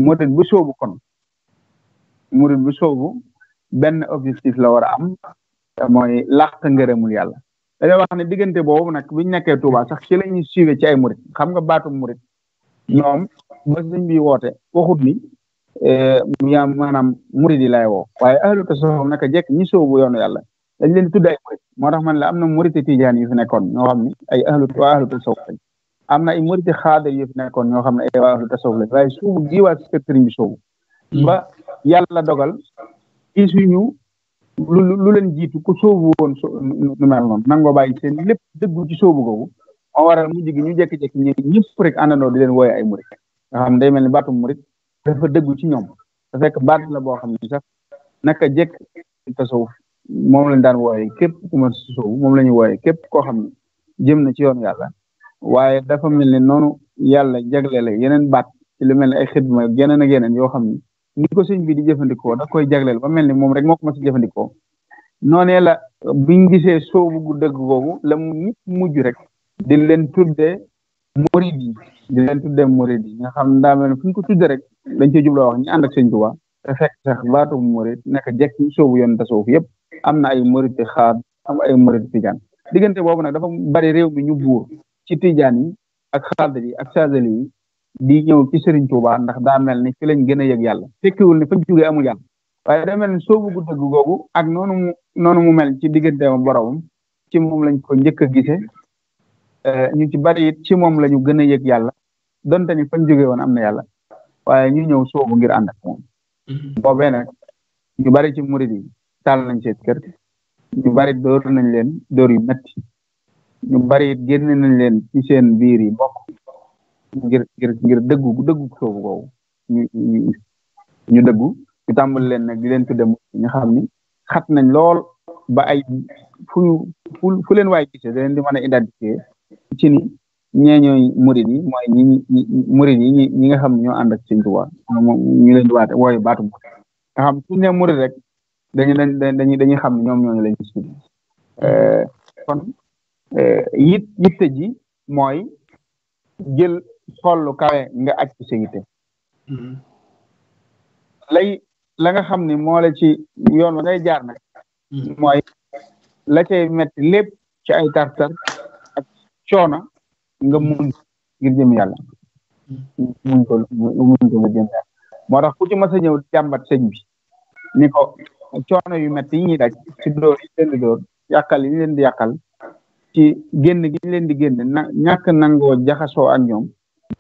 murit bu soobu kon murit bu soobu benn objectif la war a am te mooy làq ngërëmul yàlla dañoo wax ne diggante boobu nag biñ nekkee tuubaa sax ci la ñuy suivre ci ay murit xam nga baatu murit ñoom ba sëñ bi woote waxut ni eh, yaa maanaam murit yi lay woo waaye ahlu tasawuf naka jekk ñi soobu yoonu yàlla dañ leen tudd murit moo tax man la am na muriti tijaan yu fi nekkoon ñoo xam ne ay ahlu waa ahlu tasawuf lañ am na ay muriti xaadir yu fi nekkoon ñoo xam ne ay waa ahlu lañ waaye suubu gi waa kër sëriñ bi soobu hmm. ba yàlla dogal isuñu lu lu leen jiitu ko soobu woon nu mel noonu nangoo bàyyi seen lépp dëggu ci soobu googu moo waral mujj gi ñu jékki-jékki ñu ñëpp rek àndandoo di leen wooye ay murit nga xam day mel ni baatum murit dafa dëggu ci ñoom te fekk baat la boo xam ne sax naka jekk tasawuf moom lañ daan wooye képp ku mën si moom la ñuy wooye képp koo xam ne jëm na ci yoon yàlla waaye dafa mel ni noonu yàlla jagleel yeneen baat ci lu mel ne ay xidma yeneen a geneen yoo xam ne ni ko sëñ bi di jëfandikoo da koy jagleel ba mel ni moom rek moo ko mos a jëfandikoo noonee la biñ gisee soobu gu dëgg googu la mu mujj rek di leen tuddee morid yi di de tuddee yi nga xam daa mel ne fu ñu ko tuddee rek dañ cee jubloo wax ñu ànd ak sëñ Tuubaa fekk sax baatu murit nekk jekki soobu yoon tasawuf yëpp am na ay murit xaad am ay murit tijaan diggante boobu nag dafa bari réew mi ñu buur ci tijaan yi ak xaadir yi ak saadali yi di ñëw ci Sëriñ ndax daa mel ni fi lañ gën a yëg yàlla fekkiwul ne fañ jógee amul yàlla waaye daa mel ni soobu gu dëgg googu ak noonu noonu mu mel ci digganteem boromam ci moom lañ ko njëkk a eh, ñu ci bari it ci moom la gën a yëg yàlla donte ni fañ jógee woon am na yàlla waaye ñu ñëw soobu ngir ànd ak moom Mm-hmm. boobee nag ñu bari ci murid yi taal nañ seen kër ñu bari dóor nañ leen dóor yu metti ñu bari it nañ leen ci seen biir yi mbokk ngir ngir dëggu dëggu soobu googu ñu ñu dëggu ñu tàmbal leen nag di leen tudde ñu xam ni xat nañ lool ba ay fu fu leen waaye gisee da leen di mën a identifier ci ñee ñooy murit yi mooy ñi ñi murit yi ñi ñi nga xam ñoo ànd ak Sëñ Tuubaa ñu leen di waate wooyu baatu murit nga xam suñ ne murit rek dañu dañuy dañuy xam ne ñoom ñooñu lañ ci suñu kon eh, yit yitte ji mooy jël xol lu kawe nga aj ci sa yitte mm-hmm. lay la nga xam ni moo la ci yoon wa ngay jaar nag mm-hmm. mooy la cay metti lépp ci ay tartar ak coono nga muñ ngir jëm yàlla muñ ko muñ ko ngir jëm yàlla moo tax ku ci mas a ñëw jàmbat sëñ bi ni ko coono yu metti yi ñuy daj ci dóor yi leen di dóor yàqal yi leen di yàqal ci génn gi ñu leen di génn na ñàkk nangoo jaxasoo ak ñoom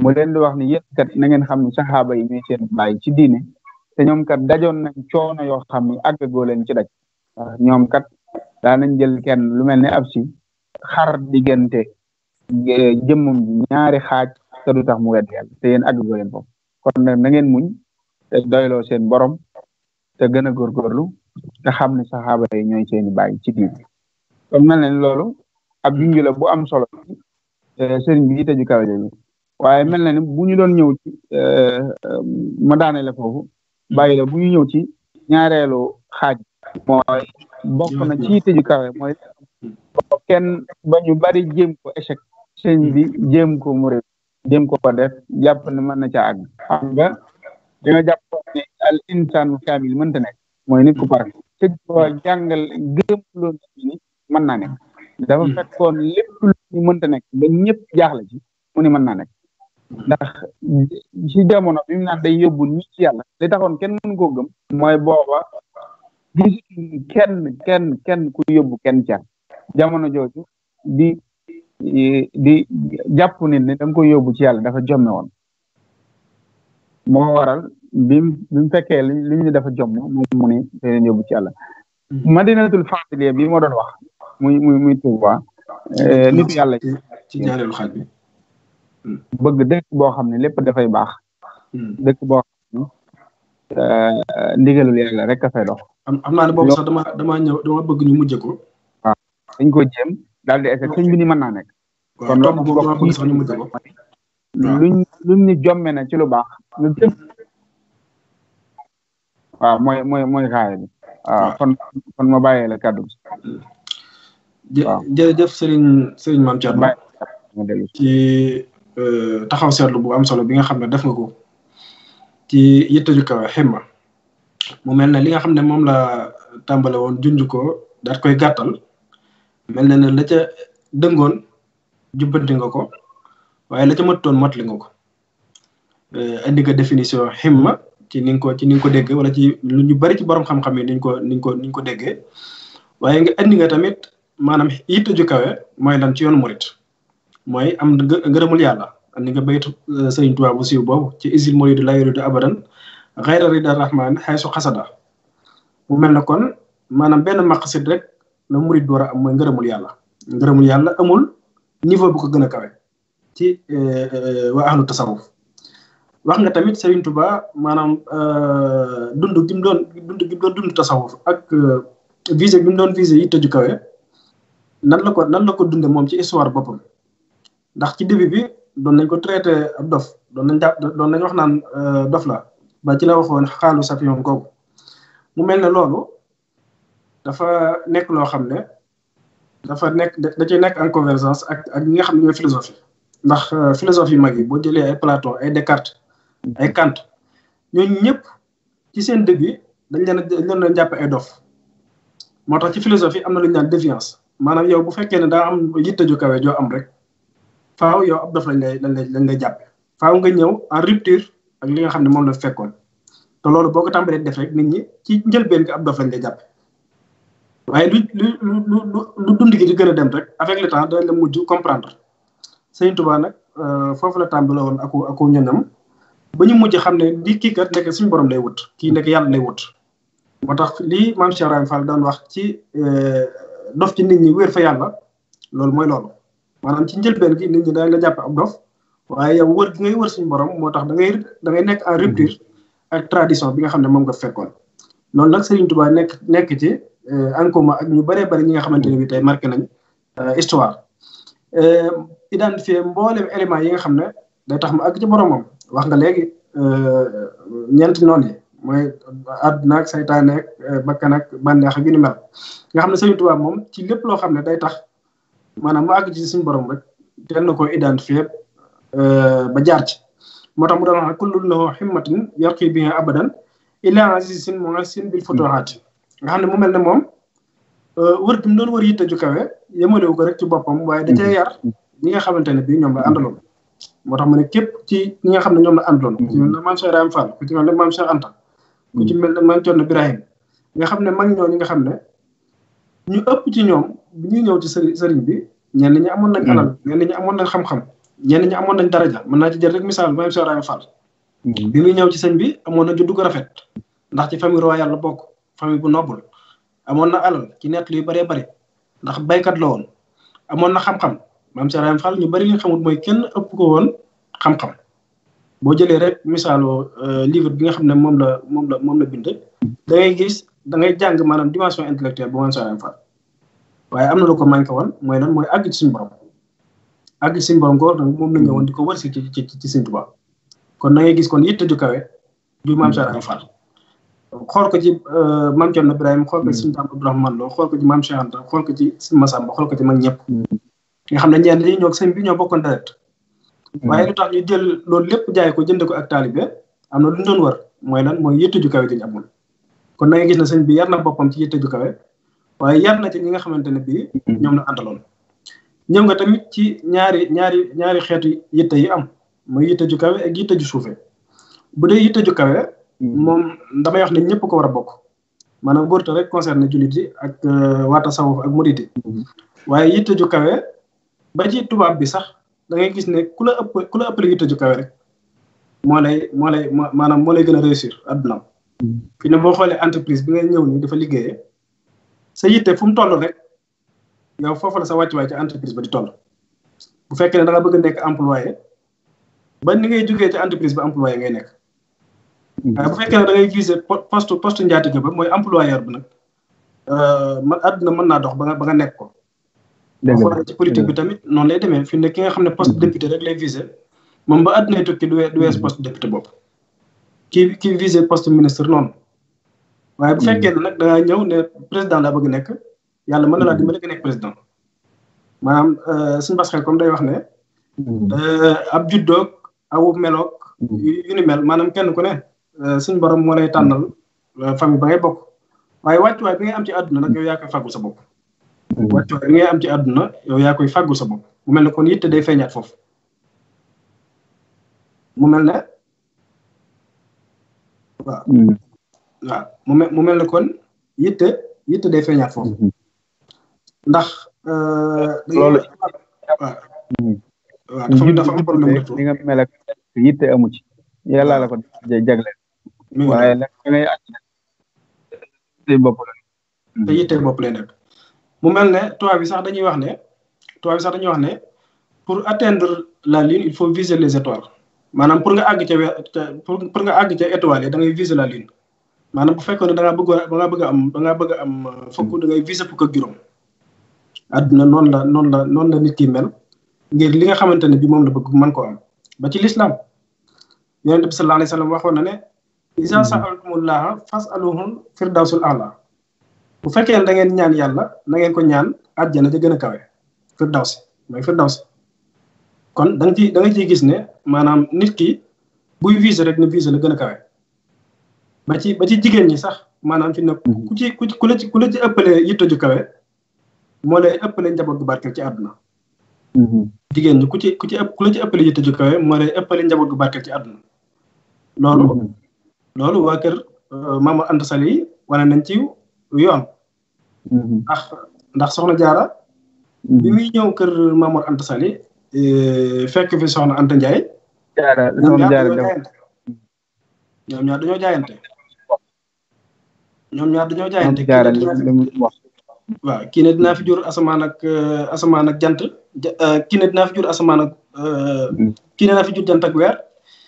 mu leen di wax ni yéen kat na ngeen xam ne saxaaba yi ñooy seen bàyyi ci diine te ñoom kat dajoon nañ coono yoo xam ni àggagoo leen ci daj ñoom kat daa nañ jël kenn lu mel ne ab si xar diggante jëmmam ñaari xaaj te du tax mu wedd yàlla te yéen àgg leen foofu kon nag na ngeen muñ te doyloo seen borom te gën a góorgóorlu te xam ne saxaaba yi ñooy seeni bàyyi ci diir kon mel na loolu ab junj la bu am solo sëriñ bi ite ju kawe waaye mel na ni bu doon ñëw ci e, ma daane la foofu bu ñëw ci ñaareelu xaaj mooy bokk na ci ite ju kawe mooy kenn ba bari jéem ko échec sëñ bi jéem ko mu réew jéem ko ko def jàpp ne mën na caa àgg xam ba dañoo jàpp ne al insaan kaamil mënta nekk mooy nit ku parfait sëñ bi jàngal gëm loon ni mën naa nekk dafa hmm. fekkoon lépp lu ñu mënta nekk ba ñëpp jaaxle ci mu ni mën naa nekk ndax ci jamono bi mu naan day yóbbu nit ci yàlla li taxoon kenn mënu ko gëm mooy booba kenn kenn kenn ku yóbbu kenn ci jamono jooju di di jàpp nit ne da koy yóbbu ci yàlla dafa jomme woon moo waral bi mu fekkee li ñu dafa jomm moom mu ni da leen yóbbu ci yàlla mm-hmm. madinatul fadiliya bi moo doon wax muy muy muy Tuuba eh, nitu yàlla ci mm-hmm. bëgg dëkk boo xam ne lépp dafay baax mm-hmm. dëkk boo xam ne eh, ndigalul yàlla rek a fay am naa ne boobu sax dama bëgg ñu mujje ko waaw dañ ko jéem daal di échec sëñ bi ni mën naa nekk. kon loolu bokk ci lu baax lu tëb. kon la kàddu gi. waaw jërëjëf ci euh, taxaw seetlu bu am solo bi nga xam ne def nga ko. ci yitte ju kawe mu mel ne li nga xam ne moom la tàmbale woon ko daat koy gàttal. mel na ne la ca dëngoon jubbanti nga ko waaye la ca mattoon matli nga ko indi eh, nga définition himma ci ni nga ko ci ni nga ko déggee wala ci lu ñu bari ci borom xam-xam yi niñ ko niñ ko niñ ko déggee waaye nga indi nga tamit maanaam yitte ju kawe mooy lan ci yoonu murit mooy am ngërëmul yàlla andi nga baytu eh, sëriñ Tuubaa bu siiw boobu ci isil muridu la yuridu abadan xayra rida rahman xaysu xasada mu mel na kon maanaam benn maqasid rek la murit door a mooy ngërëmul yàlla ngërëmul yàlla amul niveau bu ko gën a kawe ci euh, waa ahlu tasawuf wax nga tamit Serigne Touba maanaam euh, dund gi doon dund gi mu doon dund tasawuf ak euh, visé gi mu doon visé yi tëju kawe nan la ko nan la ko dundee moom ci histoire boppam ndax ci début bi doon nañ ko traité ab dof doon nañ jàpp doon nañ wax naan dof la ba ci la waxoon xaalu sapion kooku mu mel ne loolu dafa nekk loo xam ne dafa nekk da cee nekk en convergence ak ak ñi nga xam ne ñooy philosophie ndax euh, philosophie mag yi boo jëlee ay Platon ay Descartes ay Kant ñooñu ñëpp ci seen dëgg yi dañ leen dañ leen jàpp ay dof moo tax ci philosophie am na lu ñu naan déviance maanaam yow bu fekkee ne daa am yitte ju kawe joo am rek faaw yow ab dof lañ lay lañ lay lañ lay jàppe faaw nga ñëw en rupture ak li nga xam ne moom la fekkoon te loolu boo ko tàmbalee def rek nit ñi ci njëlbeen nga ab dof lañ jàppe waaye lu lu lu lu dund gi di gën dem rek avec le temps dañ la mujj comprendre Sëñ Tuubaa nag euh, foofu la tàmbale woon aku aku ñoñam ba ñu mujj xam ne lii kii kat nekk suñu borom lay wut kii nekk yàlla lay wut. moo tax lii maam Cheikh Ibrahima doon wax ci euh, dof ci nit ñi wéer fa yàlla loolu mooy loolu maanaam ci njëlbeen gi nit ñi dañ la jàpp ab dof waaye yow wër gi ngay wër suñu borom moo tax dangay da ngay nekk en rupture ak tradition bi nga xam ne moom nga fekkoon loolu nag Sëriñ Tuubaa nekk nekk ci. Euh, Ankoma ak ñu bëree bëri ñi nga xamante ne bi tey marqué nañ euh, histoire euh, identifier mboolem yi nga xam ne day tax mu àgg ci boromam wax nga léegi ñeenti noon yi mooy àdduna ak saytaane ak bakkan ak bànneex ak nga xam ne Sëriñ Tuubaa moom ci lépp loo xam ne day tax maanaam mu àgg ci suñu borom rek teel na koo identifier ba jaar ci moo tax mu doon wax ne kullun lahu himmatin yarqi biha abadan ila azizin mu'assin bil futuhaati nga xam ne mu mel ne moom euh, wër gi mu doon wër yitte ju ko rek ci boppam waaye da cee yar ñi nga xamante ne bii ñoom la àndaloon. moo tax ma ne képp ci ñi nga xam ne ñoom la àndaloon. ku ci mel ne maam Cheikh Ibrahima Fall ku Anta. ku ci mel ne maam Thierno Birahim nga xam ne mag ñooñu nga xam ne ñu ëpp ci ñoom bi ñuy ñëw ci sëriñ sëriñ bi ñenn ñi amoon nañ alal ñenn amoon nañ xam-xam ñenn amoon nañ daraja mën naa ci jël rek misaal maam Cheikh Ibrahima Fall mm-hmm. bi muy ñëw ci sëñ bi amoon na juddu ko rafet ndax ci famille royale la bokk famille bu noble amoon na alal ci nett yu bëree bëri ndax baykat la woon amoon na xam-xam maam Cheikh Ibrahima ñu bari li xamut mooy kenn ëpp ko woon xam-xam boo jëlee rek misaaloo euh, livre bi nga xam ne moom la moom la moom la bind da ngay gis da ngay jàng maanaam dimension intellectuelle bu maam Cheikh Ibrahima waaye am na lu ko manqué woon mooy lan mooy àgg ci suñu borom àgg ci suñu borom googu moom la ñëwoon di ko wër si ci ci ci Sëñ Tuubaa kon da ngay gis kon yit ju kawe ju maam xool ko ci euh, maam Thierno Ibrahima xool ko ci mm. suñu Tamba Abdourahmane Lo xool ko ci maam Cheikh xool ko ci si Massamba xool ko ci mag ñëpp mm. nga xam ne ñeen dañuy ñoo sëñ bi ñoo bokkoon deret mm. waaye lu ñu jël loolu lépp jaay ko jënd ko ak taalibe am na lu ñu war mooy lan mooy yëttu ju kawe gi ñu kon na nga gis bi yar na boppam ci yëttu ju kawe waaye yar na ci ñi nga xamante ne bii ñoom na àndaloon ñëw nga tamit ci ñaari ñaari ñaari xeetu yitte yi am mooy yitte ju kawe ak yitte ju suufe bu dee yitte ju kawe Mm-hmm. moom damay wax ne ñëpp ko war a bokk maanaam góorta rek concerné jullit yi ak euh, waa tasawuf ak murit yi mm-hmm. waaye yitte ju kawe ba ci tubaab bi sax dangay gis ne ku la ëpp ku la ëppale yitte ju kawe rek moo lay moo maanaam moo lay gën a réussir àdduna mm-hmm. fi ne boo xoolee entreprise bi ngay ñëw nii dafa liggéeyee sa yitte fu mu toll rek yow foofu la sa wàccuwaay ci entreprise ba di toll bu fekkee ne da nga bëgg nekk employé ba ni ngay jógee ci entreprise ba employé ngay nekk waaye bu fekkee ne da ngay viser poste poste njaatige ba mooy employeur bi nag euh, man àdduna mën naa dox ba nga ba nga nekk ko. dëgg ci politique bi tamit noonu lay demee fi ne ki nga xam ne poste mm-hmm. député rek lay viser moom ba àddunay tukki du du wees mm-hmm. poste député boobu. ki ki viser poste ministre noonu. waaye bu fekkee ne mm-hmm. nag ñëw ne président laa bëgg nekk yàlla mën na laa dimbali nga nekk président maanaam si suñu basxel comme day wax ne. Euh, ab juddoog awu meloog. yu ni mel maanaam kenn ku ne. Euh, suñu borom moo lay tànnal famille ba ngay bokk waaye wàccuwaay bi ngay am ci àdduna nag yow yaa koy sa bopp. Mm-hmm. ci àdduna yow yaa koy sa bopp mu mel ne kon yitte day feeñaat foofu mu mel ne waaw. Mm-hmm. mu mel mu mel kon yitte yitte day feeñaat foofu. Mm-hmm. ndax. Euh, loolu waaw. waaw dafa dafa am problème li nga mel ak ci waaye nag da ngay te yittee lay nekk mu mel ne tubaab bi sax dañuy wax ne tubaab bi sax dañuy wax ne pour atteindre la lune il faut viser les étoiles maanaam pour nga àgg ca pour pour nga àgg ca étoile da ngay viser la lune maanaam bu fekkoon ne da ngaa bëgg da ngaa bëgg am da ngaa bëgg a am euh, fukk mm. da ngay viser fukk ak juróom. noonu la noonu la noonu la nit ki mel ngir li nga xamante ne bi moom la bëgg man koo am ba ci lislaam yonent bi sallallahu alayhi wa sallam waxoon na ne iza sa'altumullaha fas'aluhum firdawsul a'la bu fekkee ne dangeen ñaan yàlla na ngeen ko ñaan àjjana ja gën a kawe firdawsi mooy firdawsi kon da nga ci ciy gis ne maanaam nit ki buy visé rek ne visé la gën a kawe ba ci ba ci jigéen ñi sax maanaam fi ne mhm. ku ci ku ku ci ku la ci ëppale yitte ju kawe moo lay ëppale njaboot bu barkeel ci àdduna mhm. jigéen ñi ku ci ku ci ëpp ku la ci ëppale yitte ju kawe moo lay ëppale njaboot gu barkeel ci àdduna loolu mhm. loolu wa kër euh, Maam Anta Sali yi wane nañ ci yoon. Mm-hmm. ndax ndax soxna jaara mm-hmm. bi muy ñëw kër Mamour Anta Sali euh, fekk fi soxna Anta Ndiaye. jaara ñoom ñaar dañoo jaayante. ñoom ñaar dañoo jaayante. ñoom ñaar dañoo jaayante. jaara waaw kii ne dinaa fi jur asamaan ak euh, asamaan ak jant. kii ne dinaa fi jur asamaan ak. Mm-hmm. kii ne fi jur ak weer.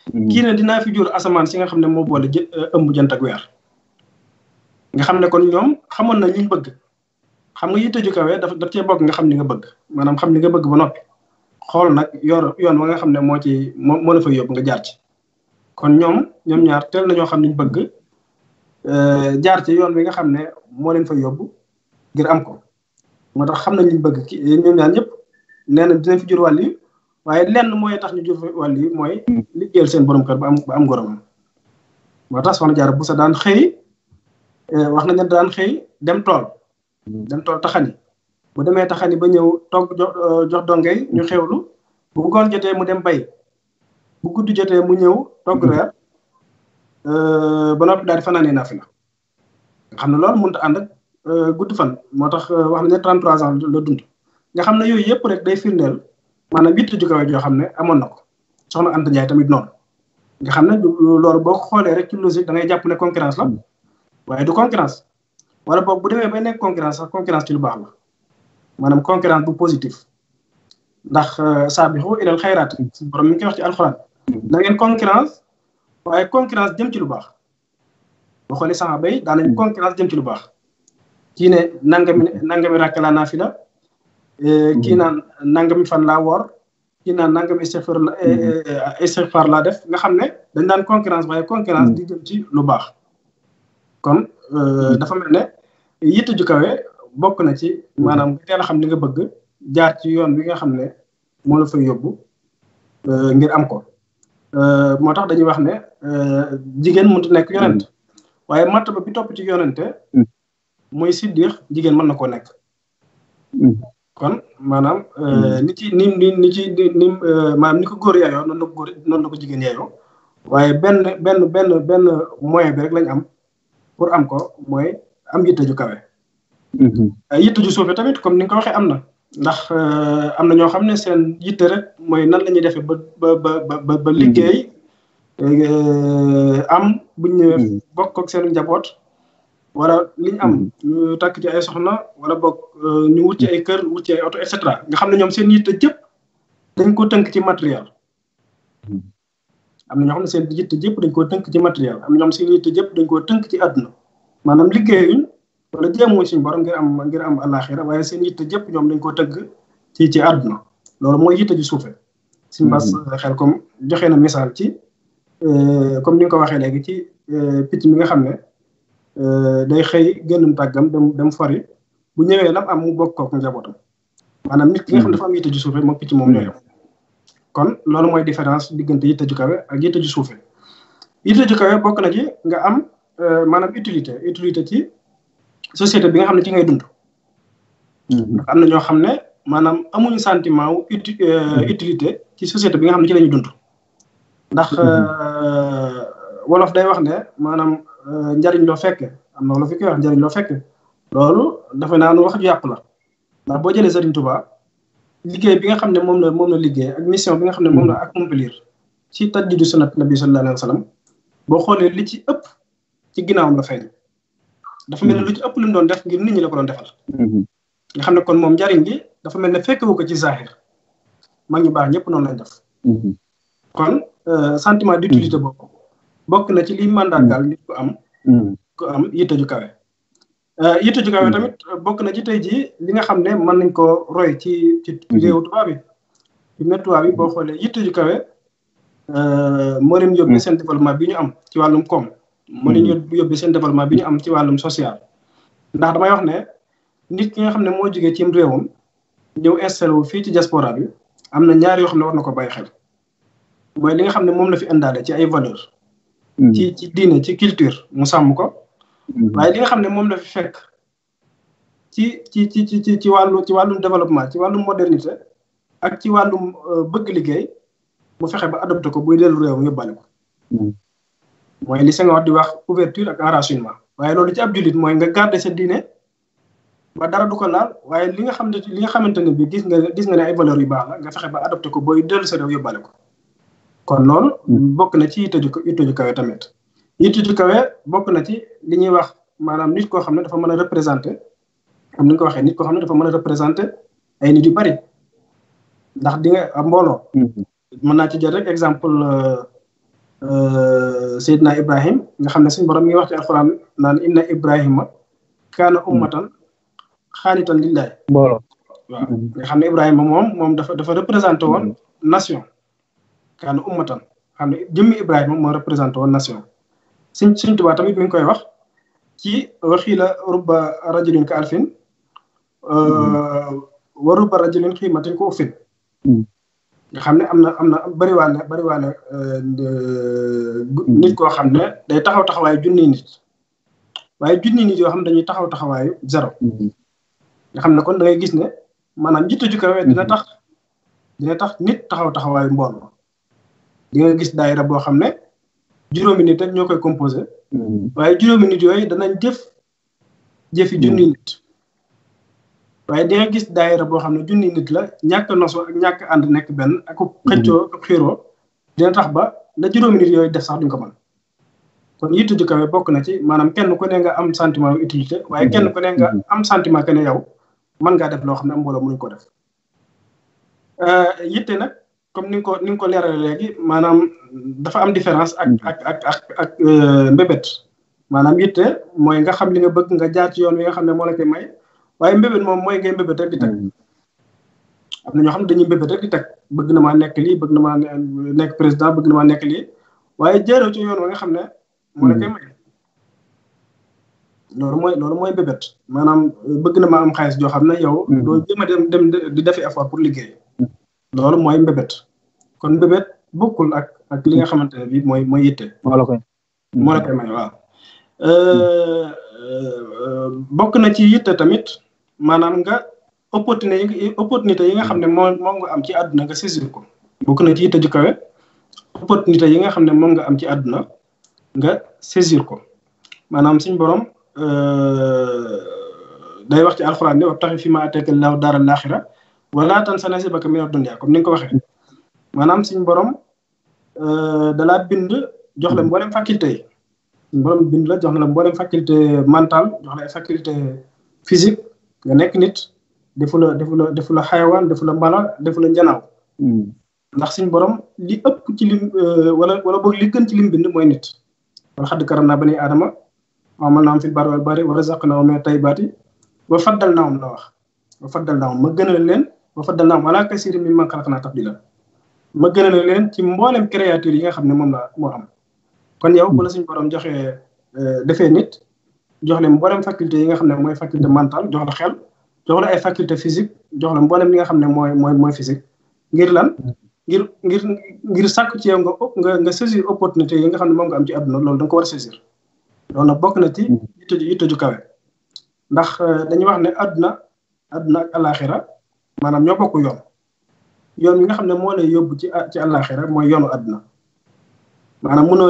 Hmm. kii ne dinaa fi jur asamaan si nga xam ne moo boole jë euh, ëmb jant ak weer. nga xam ne kon ñoom xamoon na liñ bëgg xam nga yitte ju kawe daf daf cee bokk nga xam li nga bëgg maanam xam li nga bëgg ba noppi xool nag yor yoon wa nga xam ne moo ci moo moo la fa yóbbu nga jaar kon ñoom ñoom ñaar teel nañoo xam liñ bëgg euh, jaar ci yoon wi nga xam ne moo leen fa yóbbu ngir am ko moo tax xam nañ liñ bëgg ki ñoom ñaar ñëpp nee na dinañ fi jur wàll waaye lenn mooy tax ñu jur wàllu yi mooy liggéeyal seen borom kër ba am ba am gorom tax soxna Jaara bu sa daan xëy eh, wax nañu daan xëy dem tool dem tool taxani bu demee taxani ba ñëw togg eh, jox dongay ñu xewlu bu goon jotee mu dem bay bu gudd jotee mu ñëw togg reer eh, ba noppi daal di fanaanee naafila nga xam ne loolu mënut a ànd ak gudd fan moo tax wax nañu ne 33 ans la dund nga xam ne yooyu yëpp rek day firndeel maanaam yitte ju kawe joo xam ne amoon na ko soxna Anta Ndiaye tamit noon nga xam ne lool boo xoolee rek ci da ngay jàpp ne concurrence la waaye du concurrence wala boog bu demee bay nekk concurrence sax concurrence ci lu baax la maanaam concurrence bu positif ndax euh, saabixu ilal xayraat borom mi ngi koy wax ci alxuraan da ngeen concurrence waaye concurrence jëm ci lu baax boo xoolee saxaaba yi daanañ concurrence jëm ci lu baax kii ne nangami nangami rakk laa naa fi la Eh, kii mm. naan nangami fan laa woor kii naan nangam nangami istighfar la istighfar eh, mm. eh, laa def nga xam ne dañ daan concurrence waaye concurrence mm. di jëm ci lu baax kon dafa mel ne yitte ju kawe bokk na ci maanaam nga xam li nga bëgg jaar ci yoon bi nga xam ne moo la fa yóbbu ngir am ko moo tax dañuy wax ne jigéen mënut a nekk yonent waaye martaba bi topp ci yonente mooy siddiix jigéen mën na koo nekk kon maanaam. Euh, hmm. ni ci ni ni ni ci ni euh, maanaam ko góor yaayoo noonu la ko góor noonu la ko jigéen yaayoo waaye benn benn benn benn moyen bi rek lañ am pour am ko mooy am yitte ju kawe. Hmm. yitte ju suufe tamit comme ni nga ko waxee am na. ndax euh, am na ñoo xam ne seen yitte rek mooy nan la ñuy defee ba ba ba hmm. liggéey. am bu ñu bokk ak njaboot. wala li ñu am hmm. ñu takk ci ay soxna wala boog euh, ñu wut ci ay kër wut ci ay oto et cetera nga xam ne ñoom seen yitte jëpp dañ ko tënk ci matériel. Hmm. am na ñoo xam ne seen yitte jëpp dañ koo tënk ci matériel am na ñoo xam seen yitte jëpp dañ koo tënk ci àdduna maanaam liggéeyuñ wala jéemoo suñu borom ngir am ngir am àllaaxira waaye seen yitte jëpp ñoom dañ koo tënk ci ci àdduna loolu mooy yitte ju suufe si mbas hmm. euh, xel kom joxee na misaal ci euh, comme ni nga ko waxee léegi ci picc mi nga xam ne. Euh, day xëy génn tàggam dem dem fori bu ñëwee lam am mu bokk kook njabootam maanaam mi ki nga xam dafa am yitte ju suufe moom picc moom ñooyam kon loolu mooy différence diggante yitte ju kawe ak yitte ju suufe yitte ju bokk na ci nga am euh, maanaam utilité utilité ci société bi nga xam ne ci ngay dund mm-hmm. am na ñoo xam ne maanaam amuñu sentiment wu euh, mm-hmm. utilité ci société bi nga xam ci lañu dund ndax mm-hmm. wolof day wax ne maanaam Euh, njariñ loo fekke am na la fi koy wax njariñ loo fekke loolu dafa naan wax ju yàqu la ndax boo jëlee Serigne Touba liggéey bi nga xam ne moom la moom la liggéey ak mission bi nga xam ne moom la accomplir ci tajdidu sunnat nabi sallallahu alayhi wa sallam boo xoolee li ci ëpp ci ginnaawam la feeñ dafa mel ne lu ci ëpp lu mu doon def ngir nit ñi la ko doon defal mhm. nga xam ne kon moom njariñ gi dafa mel ne fekkewu ko ci zahir mag ñu baax ñëpp noonu lañ def mhm. kon euh, sentiment d'utilité boobu bokk na ci liy màndargaal nit am. Mm. am yitte ju kawe. Euh, yitte ju kawe mm. tamit bokk na ci tey jii li nga xam ne mën nañ ko roy ci ci mm-hmm. réewu tubaab bi. ci net tubaab bi boo mm-hmm. xoolee yitte ju kawe euh, moo leen yóbbu mm. seen développement bi ñu am ci wàllum koom. moo leen mm-hmm. yóbbu seen développement bi ñu am ci wàllum social. ndax damay wax ne nit ki nga xam ne moo jógee ci réewam ñëw installé wu fii ci diaspora bi am na ñaari yox xam ne war na ko bàyyi xel. mooy li nga xam ne moom la fi indaale ci ay valeur Mm. ci ci diine ci culture mu sàmm ko mm-hmm. waaye li nga xam ne moom la fekk ci ci ci ci ci wàllu ci wàllu développement ci wàllu modernité ak ci wàllum euh, bëgg liggéey mu fexe ba adopté ko buy dellu réew mi yóbbaale ko mm-hmm. mooy li Senghor di wax ouverture ak enracinement waaye loolu ci ab jullit mooy nga garder sa diine ba dara du ko laal waaye li nga xam ne li nga xamante ne bi gis nga gis nga ne ay valeurs yu baax la nga fexe ba adopté ko booy dellu sa réew yóbbaale ko kon loolu hmm. bokk na ci yitte ju yitte ju kawe tamit yitte ju kawe bokk na ci li ñuy wax maanaam nit koo xam ne dafa mën a représenté ni nga ko waxee nit koo xam ne dafa mën a représenté ay nit yu bari ndax di nga am mbooloo hmm. mën naa ci jël rek exemple euh, euh, Seydina Ibrahim nga xam ne suñu borom mi ngi wax ci alxuraan naan inna Ibrahima kaana ummatan xaanitan lillahi mbooloo waaw hmm. nga xam ne Ibrahima moom moom dafa dafa représenté woon nation kaana ummatan xam ne jëmmi Ibrahima moo représenté woon nation suñ suñ Tuubaa tamit mi ngi koy wax ci waxiila rubba rajulin ka alfin mm-hmm. wa rubba rajulin xiimatin ko uffin mm-hmm. nga xam ne am na am na bariwaale bariwaale mm-hmm. nit koo xam ne day taxaw taxawaayu junniy nit waaye junniy nit yoo xam ne dañuy taxaw taxawaayu zéro nga xam ne kon da gis ne maanaam jiitu ju kawe dina tax dina tax nit taxaw taxawaayu mbooloo di nga gis daayira boo xam ne juróomi nit rek ñoo koy composé mm-hmm. waaye juróomi nit yooy danañ jëf jëfi junni mm-hmm. nit waaye di gis daayira boo xam ne junni nit la ñàkk noso ak ñàkk ànd nekk benn ak mm-hmm. xëccoo ak xiiroo dina tax ba da juróomi nit yooyu def sax duñ ko mën kon yitu ju kawe bokk na ci maanaam kenn ku ne nga am sentiment utilité waaye kenn ku ne nga am sentiment que ne yow mën ngaa def loo xam ne mbooloo mënuñ ko def euh, yitte nag comme ni nga ko ni nga ko leeralee léegi maanaam dafa am différence ak mm-hmm. ak ak ak ak euh, mbébét maanaam yitte mooy nga xam li nga bëgg nga jaar ci yoon wi nga xam ne moo la koy may waaye mbébét moom mooy ngay mbébét rek di teg mm-hmm. na ñoo xam ne dañuy mbébét rek teg bëgg na maa nekk lii na maa nekk président bëgg na nekk lii waaye jaaroo ci nga xam ne moo la mm-hmm. mooy loolu mooy mbébét maanaam bëgg na maa am xaalis joo xam ne yow doo jéem a dem dem di defi effort pour liggéey loolu mooy mbébét kon mbébét bokkul ak ak li nga xamante ne bii mooy mooy yitte. moo koy moo koy may waaw. Euh, euh, bokk na ci yitte tamit maanaam nga opportunité yi yi nga xam ne moom nga am ci àdduna nga saisir ko. bokk na ci yitte ju kawe opportunité yi nga xam ne moom nga am ci àdduna nga saisir ko maanaam suñ borom euh, day wax ci alxuraan ne wa taxi fi ma ateeka laaw daara laaxira wala tan sa nasibaka mina dunya comme ni nga ko waxee maanaam suñu borom euh, dalaa bind jox la mboolem faculté yi suñu borom bind la jox la mboolem faculté mentale jox la faculté physique nga nekk nit defu la defu la defu defu la mbala defu la njanaaw hmm. ndax suñu borom li ëpp ci lim euh, wala wala boog li gën ci lim bind mooy nit wala xadd karam naa bani aadama amal naa am fil barri wal bahri wa razaqnaahum mina tayyibaati wa faddalnaahum la wax wa faddalnaahum ma gënal leen wa faddalnaahum alaa kasiirin mimman xalaqnaa tafdiilaa ma gënale leen ci mboolem créature yi nga xam ne moom la moo am. kon yow bu la suñu borom joxee euh, defee nit jox leen mboolem faculté yi nga xam ne mooy faculté mentale jox la xel jox la ay faculté physique jox li nga xam ne mooy mooy mooy physique ngir lan. ngir ngir ngir sàkk ci yow nga nga nga saisir opportunité yi nga xam ne moom nga am ci àdduna loolu da nga ko war a saisir loolu bokk na ci mm. yitte ju yitte ju kawe ndax euh, dañuy wax ne àdduna àdduna ak alaaxira maanaam ñoo bokk yoon yoon bi nga xam ne moo lay yóbbu ci ci àllaaxira mooy yoonu àdduna maanaam mënoo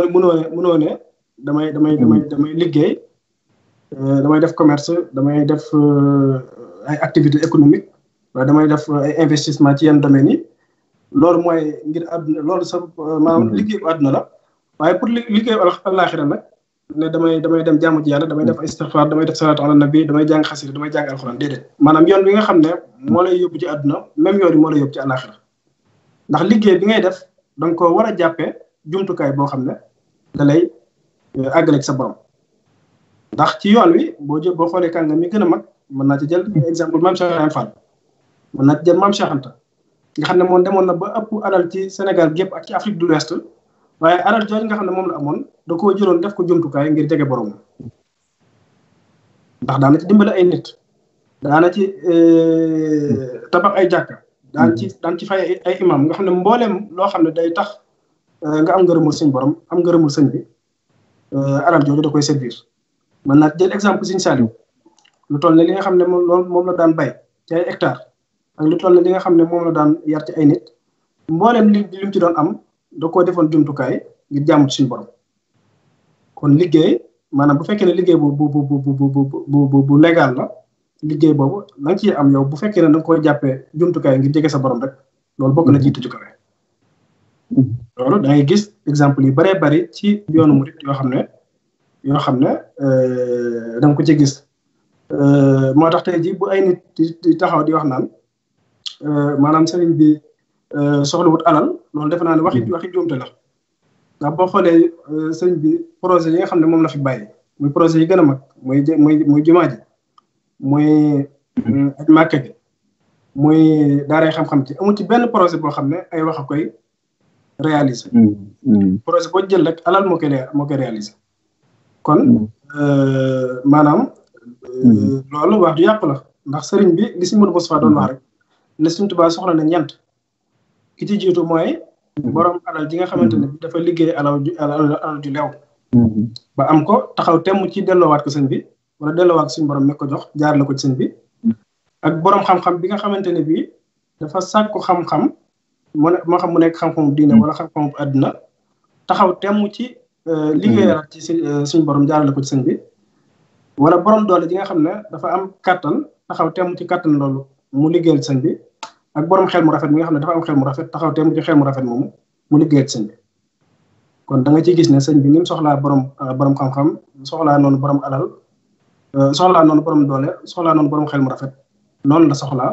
mënoo ne ne damay damay damay mm. damay liggéey euh, damay def commerce damay def euh, ay activité économique waaye damay def euh, ay investissement ci yenn domaines yi loolu mooy ngir àdduna loolu sa maanaam mm. liggéeyu àdduna la waaye pour liggéeyu àllaaxira nag ne damay damay dem jaamu ci damay def istighfar damay def salaatu ala nabi damay jàng xasida damay jàng alxuraan déedéet maanaam yoon ne moo lay yóbbu ci àdduna même yoon bi moo lay ndax liggéey bi ngay def da nga war a jàppee jumtukaay boo xam ne da lay euh, àggaleeg sa borom ndax ci yoon wi boo jël boo xoolee kàngam mi gën a mag mën naa ci jël exemple maam Cheikh Ibrahima Fall mën naa ci jël maam nga xam ne moom demoon na ba ëpp alal ci Sénégal gépp ak ci Afrique de l'Ouest waaye alal nga xam ne moom la amoon da koo jëloon def ko jumtukaay ngir jege borom ndax daana ci dimbale ay nit daana ci euh, tabax ay jàkka daan ci daan ci fay ay imam nga xam ne mbooleem loo xam ne day tax euh, nga am ngërëmul sëñ borom am ngërëmu sëñ bi euh, alal jooju da koy servir man naa jël exemple sëñ Saliou lu toll ne li nga xam ne moom loolu moom la daan bay ci ay hectare ak lu toll ne li nga xam ne moom la daan yar ci ay nit mbooleem li li mu ci doon am da koo defoon jumtukaay ngir jaamu ci suñu borom kon liggéey maanaam bu fekkee ne liggéey bu bu bu bu bu bu légal la liggéey boobu la nga ciy am yow bu fekkee ne da nga koy jàppee jumtukaay ngir jege sa borom rek loolu bokk na ci tëju kawe. loolu da ngay gis exemple yu bëree bëri ci yoonu murit yoo xam ne yoo xam ne euh, da nga ko ci gis euh, moo tax te jii bu ay nit di taxaw di wax naan euh, maanaam sëriñ bi wut alal loolu defe naa ne waxi waxi juumte la. ndax boo xoolee euh, sëñ bi projet yi nga xam ne moom la fi bàyyi muy projet yi gën a mag muy muy muy jumaa ji muy mhm. mm, aj màkka muy daaray xam-xam ci amul ci benn projet boo xam ne ay wax a koy réaliser mhm. Mhm. projet boo jël rek alal moo koy moo koy réaliser kon euh, maanaam euh, loolu wax ju yàqu la ndax sëriñ bi li si mën Moustapha doon wax rek ne Sëriñ Tuubaa soxla na ñent ki ci jiitu mooy Mm-hmm. boroom alal ji nga xamante ne dafa liggéey alal ju alal ju lew mm-hmm. ba am ko taxaw temm ci delloowaat ko sëñ bi wala delloowaat ko suñu borom mi ko jox jaar la ko ci sëñ bi mm-hmm. xam-xam nga xamante ne bii dafa sàkku xam-xam mu moo xam mu nekk xam-xamu diine wala xam-xamu àdduna taxaw temm ci euh, liggéeyalaat ci euh, suñu borom jaar ko ci sëñ bi wala borom doole ji nga xam ne dafa am kàttan taxaw temm ci kàttan loolu mu liggéeyal sëñ bi ak borom xel mu rafet mi nga xam ne dafa am xel mu rafet taxaw teem ci xel mu rafet moomu mu liggéey ak bi kon danga nga gis ne sëñ bi ni mu soxlaa borom euh, borom xam-xam soxlaa noonu borom alal euh, soxlaa noonu borom doole soxlaa noonu borom xel mu rafet noonu la soxla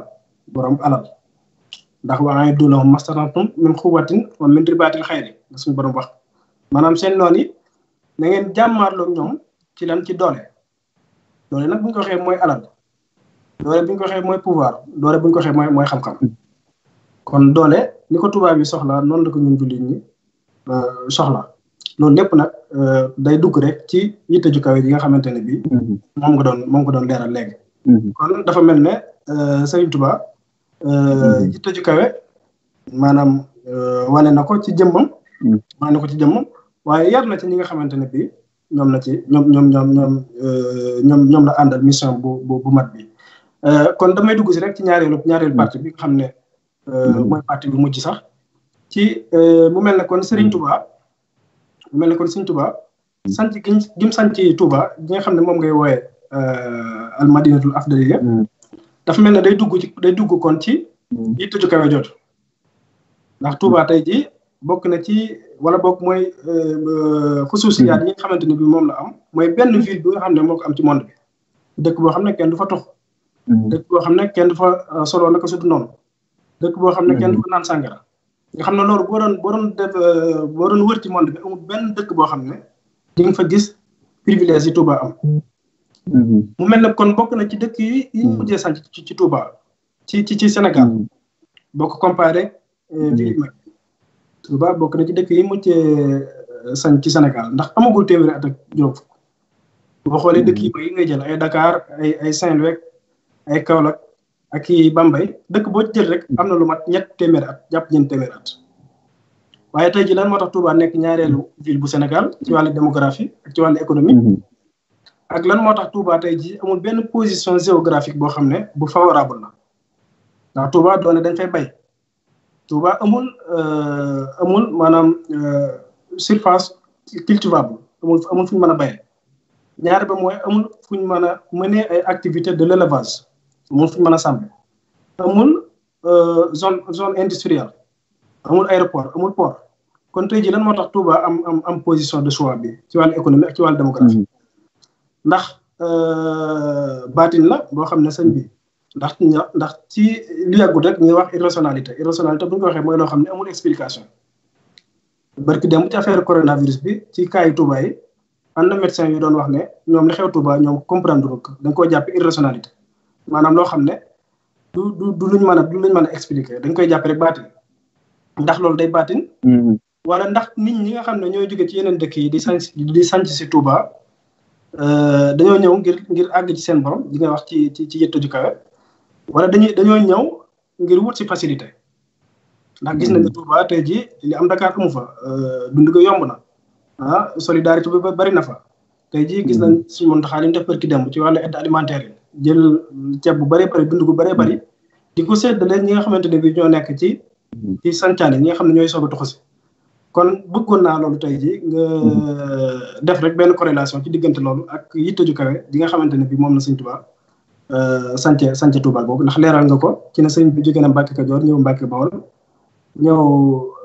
borom alal ndax wa a'iddu lahum mastata'tum min quwwatin wa min ribaatil xayli la suñu borom wax maanaam seen noon yi na ngeen jàmmaarloo ñoom ci lan ci doole doole nag bu ñu ko mooy alal. doole bi ñu ko xee mooy pouvoir doole bu ko waxee mooy mooy xam-xam kon doole ni ko tubaab yi soxla noonu la ko ñu jullit ñi euh, soxla loolu lépp nag euh, day dugg rek ci yitte ju kawe yi nga xamante ne bii. Mhm. moom nga doon moom nga doon leeral léegi. Mhm. kon dafa mel ne euh, Serigne Touba. Mhm. yitte ju kawe maanaam wane na ko ci jëmmam. wane na ko ci jëmmam waaye yar na ci ñi nga xamante ne bii ñoom la ci ñoom ñoom ñoom ñoom la àndal mission bu bu bu mat bi. Euh, kon damay dugg si rek ci ñaareelu ñaareelu hmm. parti bi nga xam ne. Euh, hmm. mooy parti bu mujj sax. ci euh, mu mel ne kon Serigne hmm. Touba mu mel ne kon Serigne Touba. sant gi ñu gi mu sant nga xam ne moom ngay wooyee almadinatul afdaliya dafa mel ne day dugg ci day dugg kon ci. yitte ju kawe jot. ndax Touba tey ji bokk na ci wala bokk mooy xusuusiyaat yi nga xamante ne bi moom la am mooy benn ville bi nga xam ne moo am ci monde bi. dëkk boo xam ne kenn du fa tox dëkk mm-hmm. boo xam ne kenn dafa euh, soloo naka sudu noonu dëkk boo xam ne kenn dafa mm-hmm. naan sàngara nga xam ne loolu boo doon euh, boo doon wër ci monde bi amul benn dëkk boo xam ne di nga fa gis privilège yi Touba am mm-hmm. mu mel ne kon bokk na ci dëkk yi yi ñu mujjee sànc ci Touba ci ci ci Sénégal bokk ko comparé fii euh, bokk na ci dëkk yi mujjee sànc ci Sénégal ndax amagul téeméeri at ak juróom xoolee dëkk yi mag yi ngay jël ay Dakar ay ay saint ay Kaolack ak i Bambey dëkk boo jël rek hmm. am na lu mat ñett téeméer at jàpp ñeent téeméer at tey ji lan moo tax Touba nekk ñaareelu ville bu Sénégal ci wàllu démographie ak ci wàllu économie hmm. ak lan moo tax Touba tey ji amul benn position géographique boo xam ne bu favorable na ndax Touba doone dañ fay bay Touba amul euh, amul maanaam euh, surface cultivable amul amul fu ñu mën a béyee ñaar ba mooy amul fu ñu mën a mener ay activités de l'élevage amul fu mën a samp amul euh, zone zone industrielle amul aéroport amul port kon tey jii lan moo tax Touba am am am position de choix bi ci wàllu économie ci ci wàllu démographie mm-hmm. ndax euh, baatin la boo xam ne sëñ bi ndax ndax ci li yàggut rek ñuy wax irrationalité irrationalité bu ñu ko waxee mooy loo xam ne amul explication barki dem ci affaire coronavirus bi ci cas yi Touba yi am na médecin yu doon wax ne ñoom li xew Touba ñoom comprendre ko dañ koo jàpp irrationalité maanaam loo xam ne du du luñ mën a du luñ mën a expliquer dañ koy jàpp rek baatin ndax loolu day baatin mm-hmm. wala ndax nit ñi nga xam ne ñoo jóge ci yeneen dëkk yi di sanc di sanc si Touba euh, dañoo ñëw ngir ngir àgg ci seen borom di nga wax ci ci ci yëttu ju wala dañuy dañoo ñëw ngir wut si facilité ndax gis nañ ne mm-hmm. Touba tey jii li am Dakar amu fa euh, dund ko yomb na ah solidarité ba bari na fa tey jii gis mm-hmm. nañ suñu Mountakha li te def barki dem ci wàllu aide alimentaire yi jël ceeb bu bëree bëri dund bu baree bëri mm. di ko séddale ñi nga xamante ne bi ñoo nekk ci mm. ci sancaane ñi nga xam ne ñooy soog a tuxu si kon bëggoon naa loolu tey ji nga mm. def rek benn corrélation ci diggante loolu ak yitte ju kawe nga xamante ne bi moom la sëñ Tuubaa euh, sance sance Tuubaa boobu ndax leeral nga ko ci ne sëñ bi jóge na Mbàkke Kajoor ñëw Mbàkke Bawol ñëw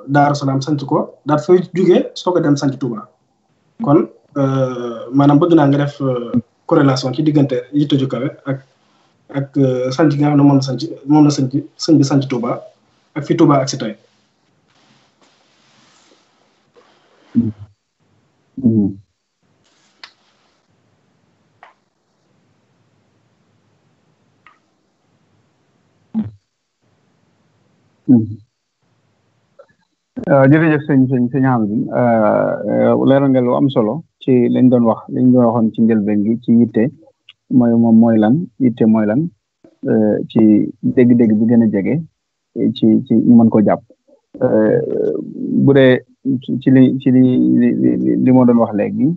Daaru Salaam sanc ko daal fay jógee soog a dem sanc Tuubaa kon euh, maanaam bëgg naa nga def euh, corrélation ci diggante yi tëju kawe ak ak euh, sanc nga xam ne moom la sanc ak fi Touba ak si tey mm-hmm. Mm-hmm. Euh, jërëjëf sëñ sëñ sëñ Hamidou euh, euh, leeral nga lu am solo ci lañ doon wax liñ doon waxoon ci njëlbeen gi ci yitte mooy moom mooy lan yitte mooy lan ci dégg-dégg bi gën a jege ci ci ñu ko jàpp bu dee ci li ci li doon wax léegi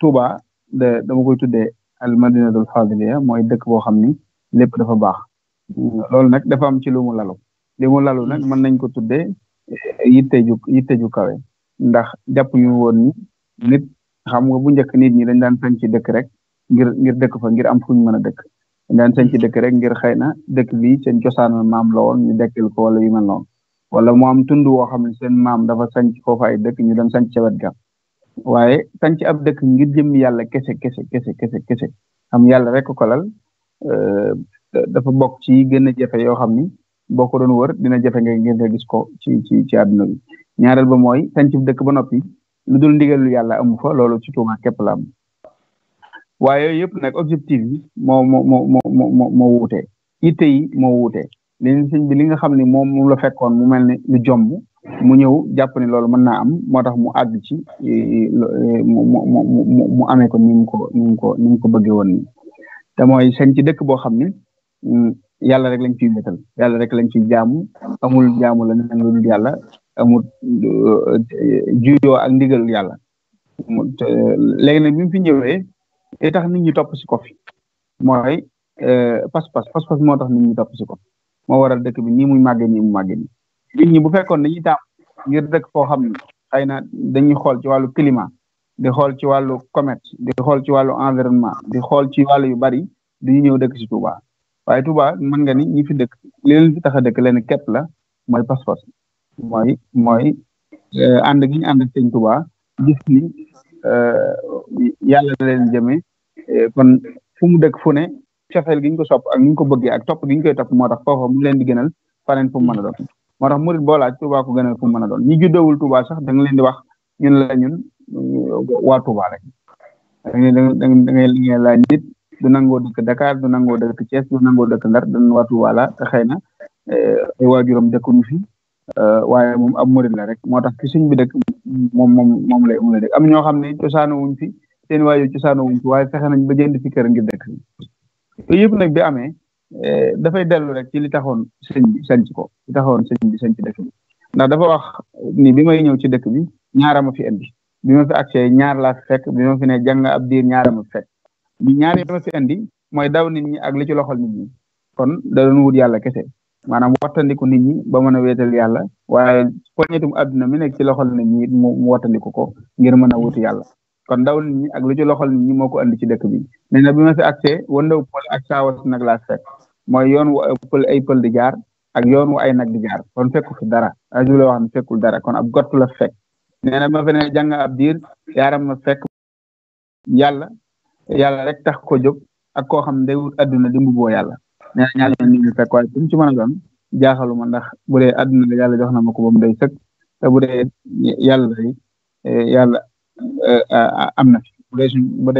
Touba de dama koy tuddee al madinatul fadiliya mooy dëkk boo xam ni lépp dafa baax loolu nag dafa am ci lu mu lalu li mu lalu nag mën nañ ko tuddee yitte ju yitte ju kawe ndax jàpp ñu woon nit xam nga bu njëkk nit ñi dañ daan sañ ci dëkk rek ngir ngir dëkk fa ngir am fu ñu mën a dëkk dañ daan sañ ci dëkk rek ngir xëy na dëkk bi seen cosaanal maam la woon ñu dekkil ko wala yu ma noonu wala mu am tund woo xam ne seen maam dafa sañ foofa ay dëkk ñu dem sañ ca wet ga waaye sañ ab dëkk ngir jëm yàlla kese kese kese kese kese am yàlla rek ko lal euh, dafa bokk ci gën a jafe yoo xam ni boo ko doon wër dina jafe nga ngeen nga gis ko ci ci ci àdduna bi ñaareel ba mooy sancib dëkk ba noppi lu dul ndigalu yàlla amu fa loolu ci tuuma képp la am waaye yooyu yëpp nag objectif yi moo moo moo moo moo moo wuute itte yi moo wuute li sëñ bi li nga xam ne moom moom la fekkoon mu mel ne lu jomb mu ñëw jàpp ne loolu mën naa am moo tax mu àgg ci e, e, mu mu mu mu amee ko ni mu ko ni mu ko ni mu ko bëggee woon nii te mooy sañ ci dëkk boo xam ne yàlla rek lañ ciy wéetal yàlla rek lañ ciy jaamu amul jaamu la neen lu dul yàlla amul euh, juyoo ak ndigal yàlla léegi nag bi mu fi ñëwee li tax nit ñi topp si ko fi mooy euh, pas-pas pas-pas moo tax nit ñu topp si ko moo waral dëkk bi nii muy màggee nii mu màggee nii nit ñi bu fekkoon dañuy taam ngir dëkk foo xam ne xëy na dañuy xool ci wàllu climat di xool ci wàllu commerce di xool ci wàllu environnement di xool ci wàllu yu bari du ñu ñëw dëkk si Touba waaye Touba mën nga ni ñi fi dëkk li leen fi dëkk leen képp la mooy passeport mooy mooy euh, ànd gi ñu ànd ak sëñ Touba gis ni euh, yàlla da leen jëmee euh, kon fu mu dëkk fu ne cofeel gi ko sopp a ni ñu ko bëgge ak topp gi ñu koy topp moo tax foofa mu leen di gënal faneen fu mu mën a doon moo tax murit boo laaj Touba ko gënal fu mu mën a doon ñi juddowul Touba sax da nga leen di wax ñun la ñun waa Touba rek da nit du nangoo dëkk Dakar du nangoo dëkk Thiès du nangoo dëkk Ndar dan waatu wala te xëy na eh, ay waajuram dëkkuñu fi eh, waaye moom ab morin la rek moo tax fi suñ bi dëkk moom moom moom lay moom lay am ñoo xam ne cosaanu wuñ fi seen waajur cosaanu wuñ fi waaye fexe nañ ba jënd fi kër ngir dëkk fi yooyu yëpp nag bi amee eh, dafay dellu rek ci li taxoon sëñ bi sanc ko li taxoon sëñ bi sanc dëkk bi ndax dafa wax ni bi may ñëw ci dëkk bi ñaara ma fi indi bi ma fi accès ñaar laa fi fekk bi ma fi ne jàng ab diir ñaara ma fekk bi ñaari ma fi andi mooy daw nit ñi ak li ci loxol nit kon da doon wut yàlla kese maanaam wattandiku nit ñi ba mën a wéetal yàlla waaye poñetum àdduna mi nekk ci loxol nit ñi mu wattandiku ko ngir mën a wuti yàlla kon daw nit ñi ak lu ci loxol nit ñi moo ko andi ci dëkk bi nee na bi ma fi accès wandaw pël ak saawas nag laa fekk mooy yoon wu pël ay pël di jaar ak yoon wu ay nag di jaar kon fekku fi dara la wax fekkul dara kon ab gott la fekk nee na ma fe ne jàng yàlla rek tax ko jóg ak koo xam ne day wut àdduna di mbubboo yàlla nee na ñaari yoon nit ñu fekk waaye jaaxalu ma ndax bu àdduna la yàlla jox na ma ko ba mu day sëkk te yàlla day eh, yàlla eh, am na fi bu dee suñ bu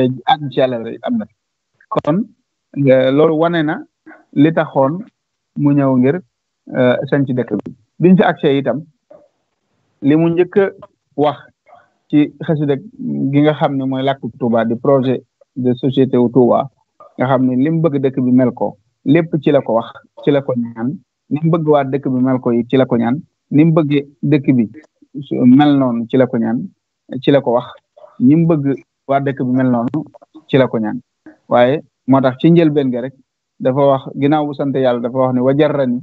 yàlla day am na kon eh, loolu wane na li taxoon mu ñëw ngir sañ ci dëkk bi biñ fi accès itam limu mu njëkk wax ci xasida gi nga xam ne mooy làkku Tuuba di projet de société wu Touba nga xam ne li mu bëgg dëkk bi mel ko lépp ci la ko wax ci la ko ñaan ni mu bëgg waa dëkk bi mel ko yi ci la ko ñaan ni mu bëggee dëkk bi mel noonu ci la ko ci la ko wax ni mu bëgg waa dëkk bi mel noonu ci la ko ñaan waaye moo tax ci njëlbeen ga rek dafa wax ginnaaw bu sant yàlla dafa wax ne wajarrani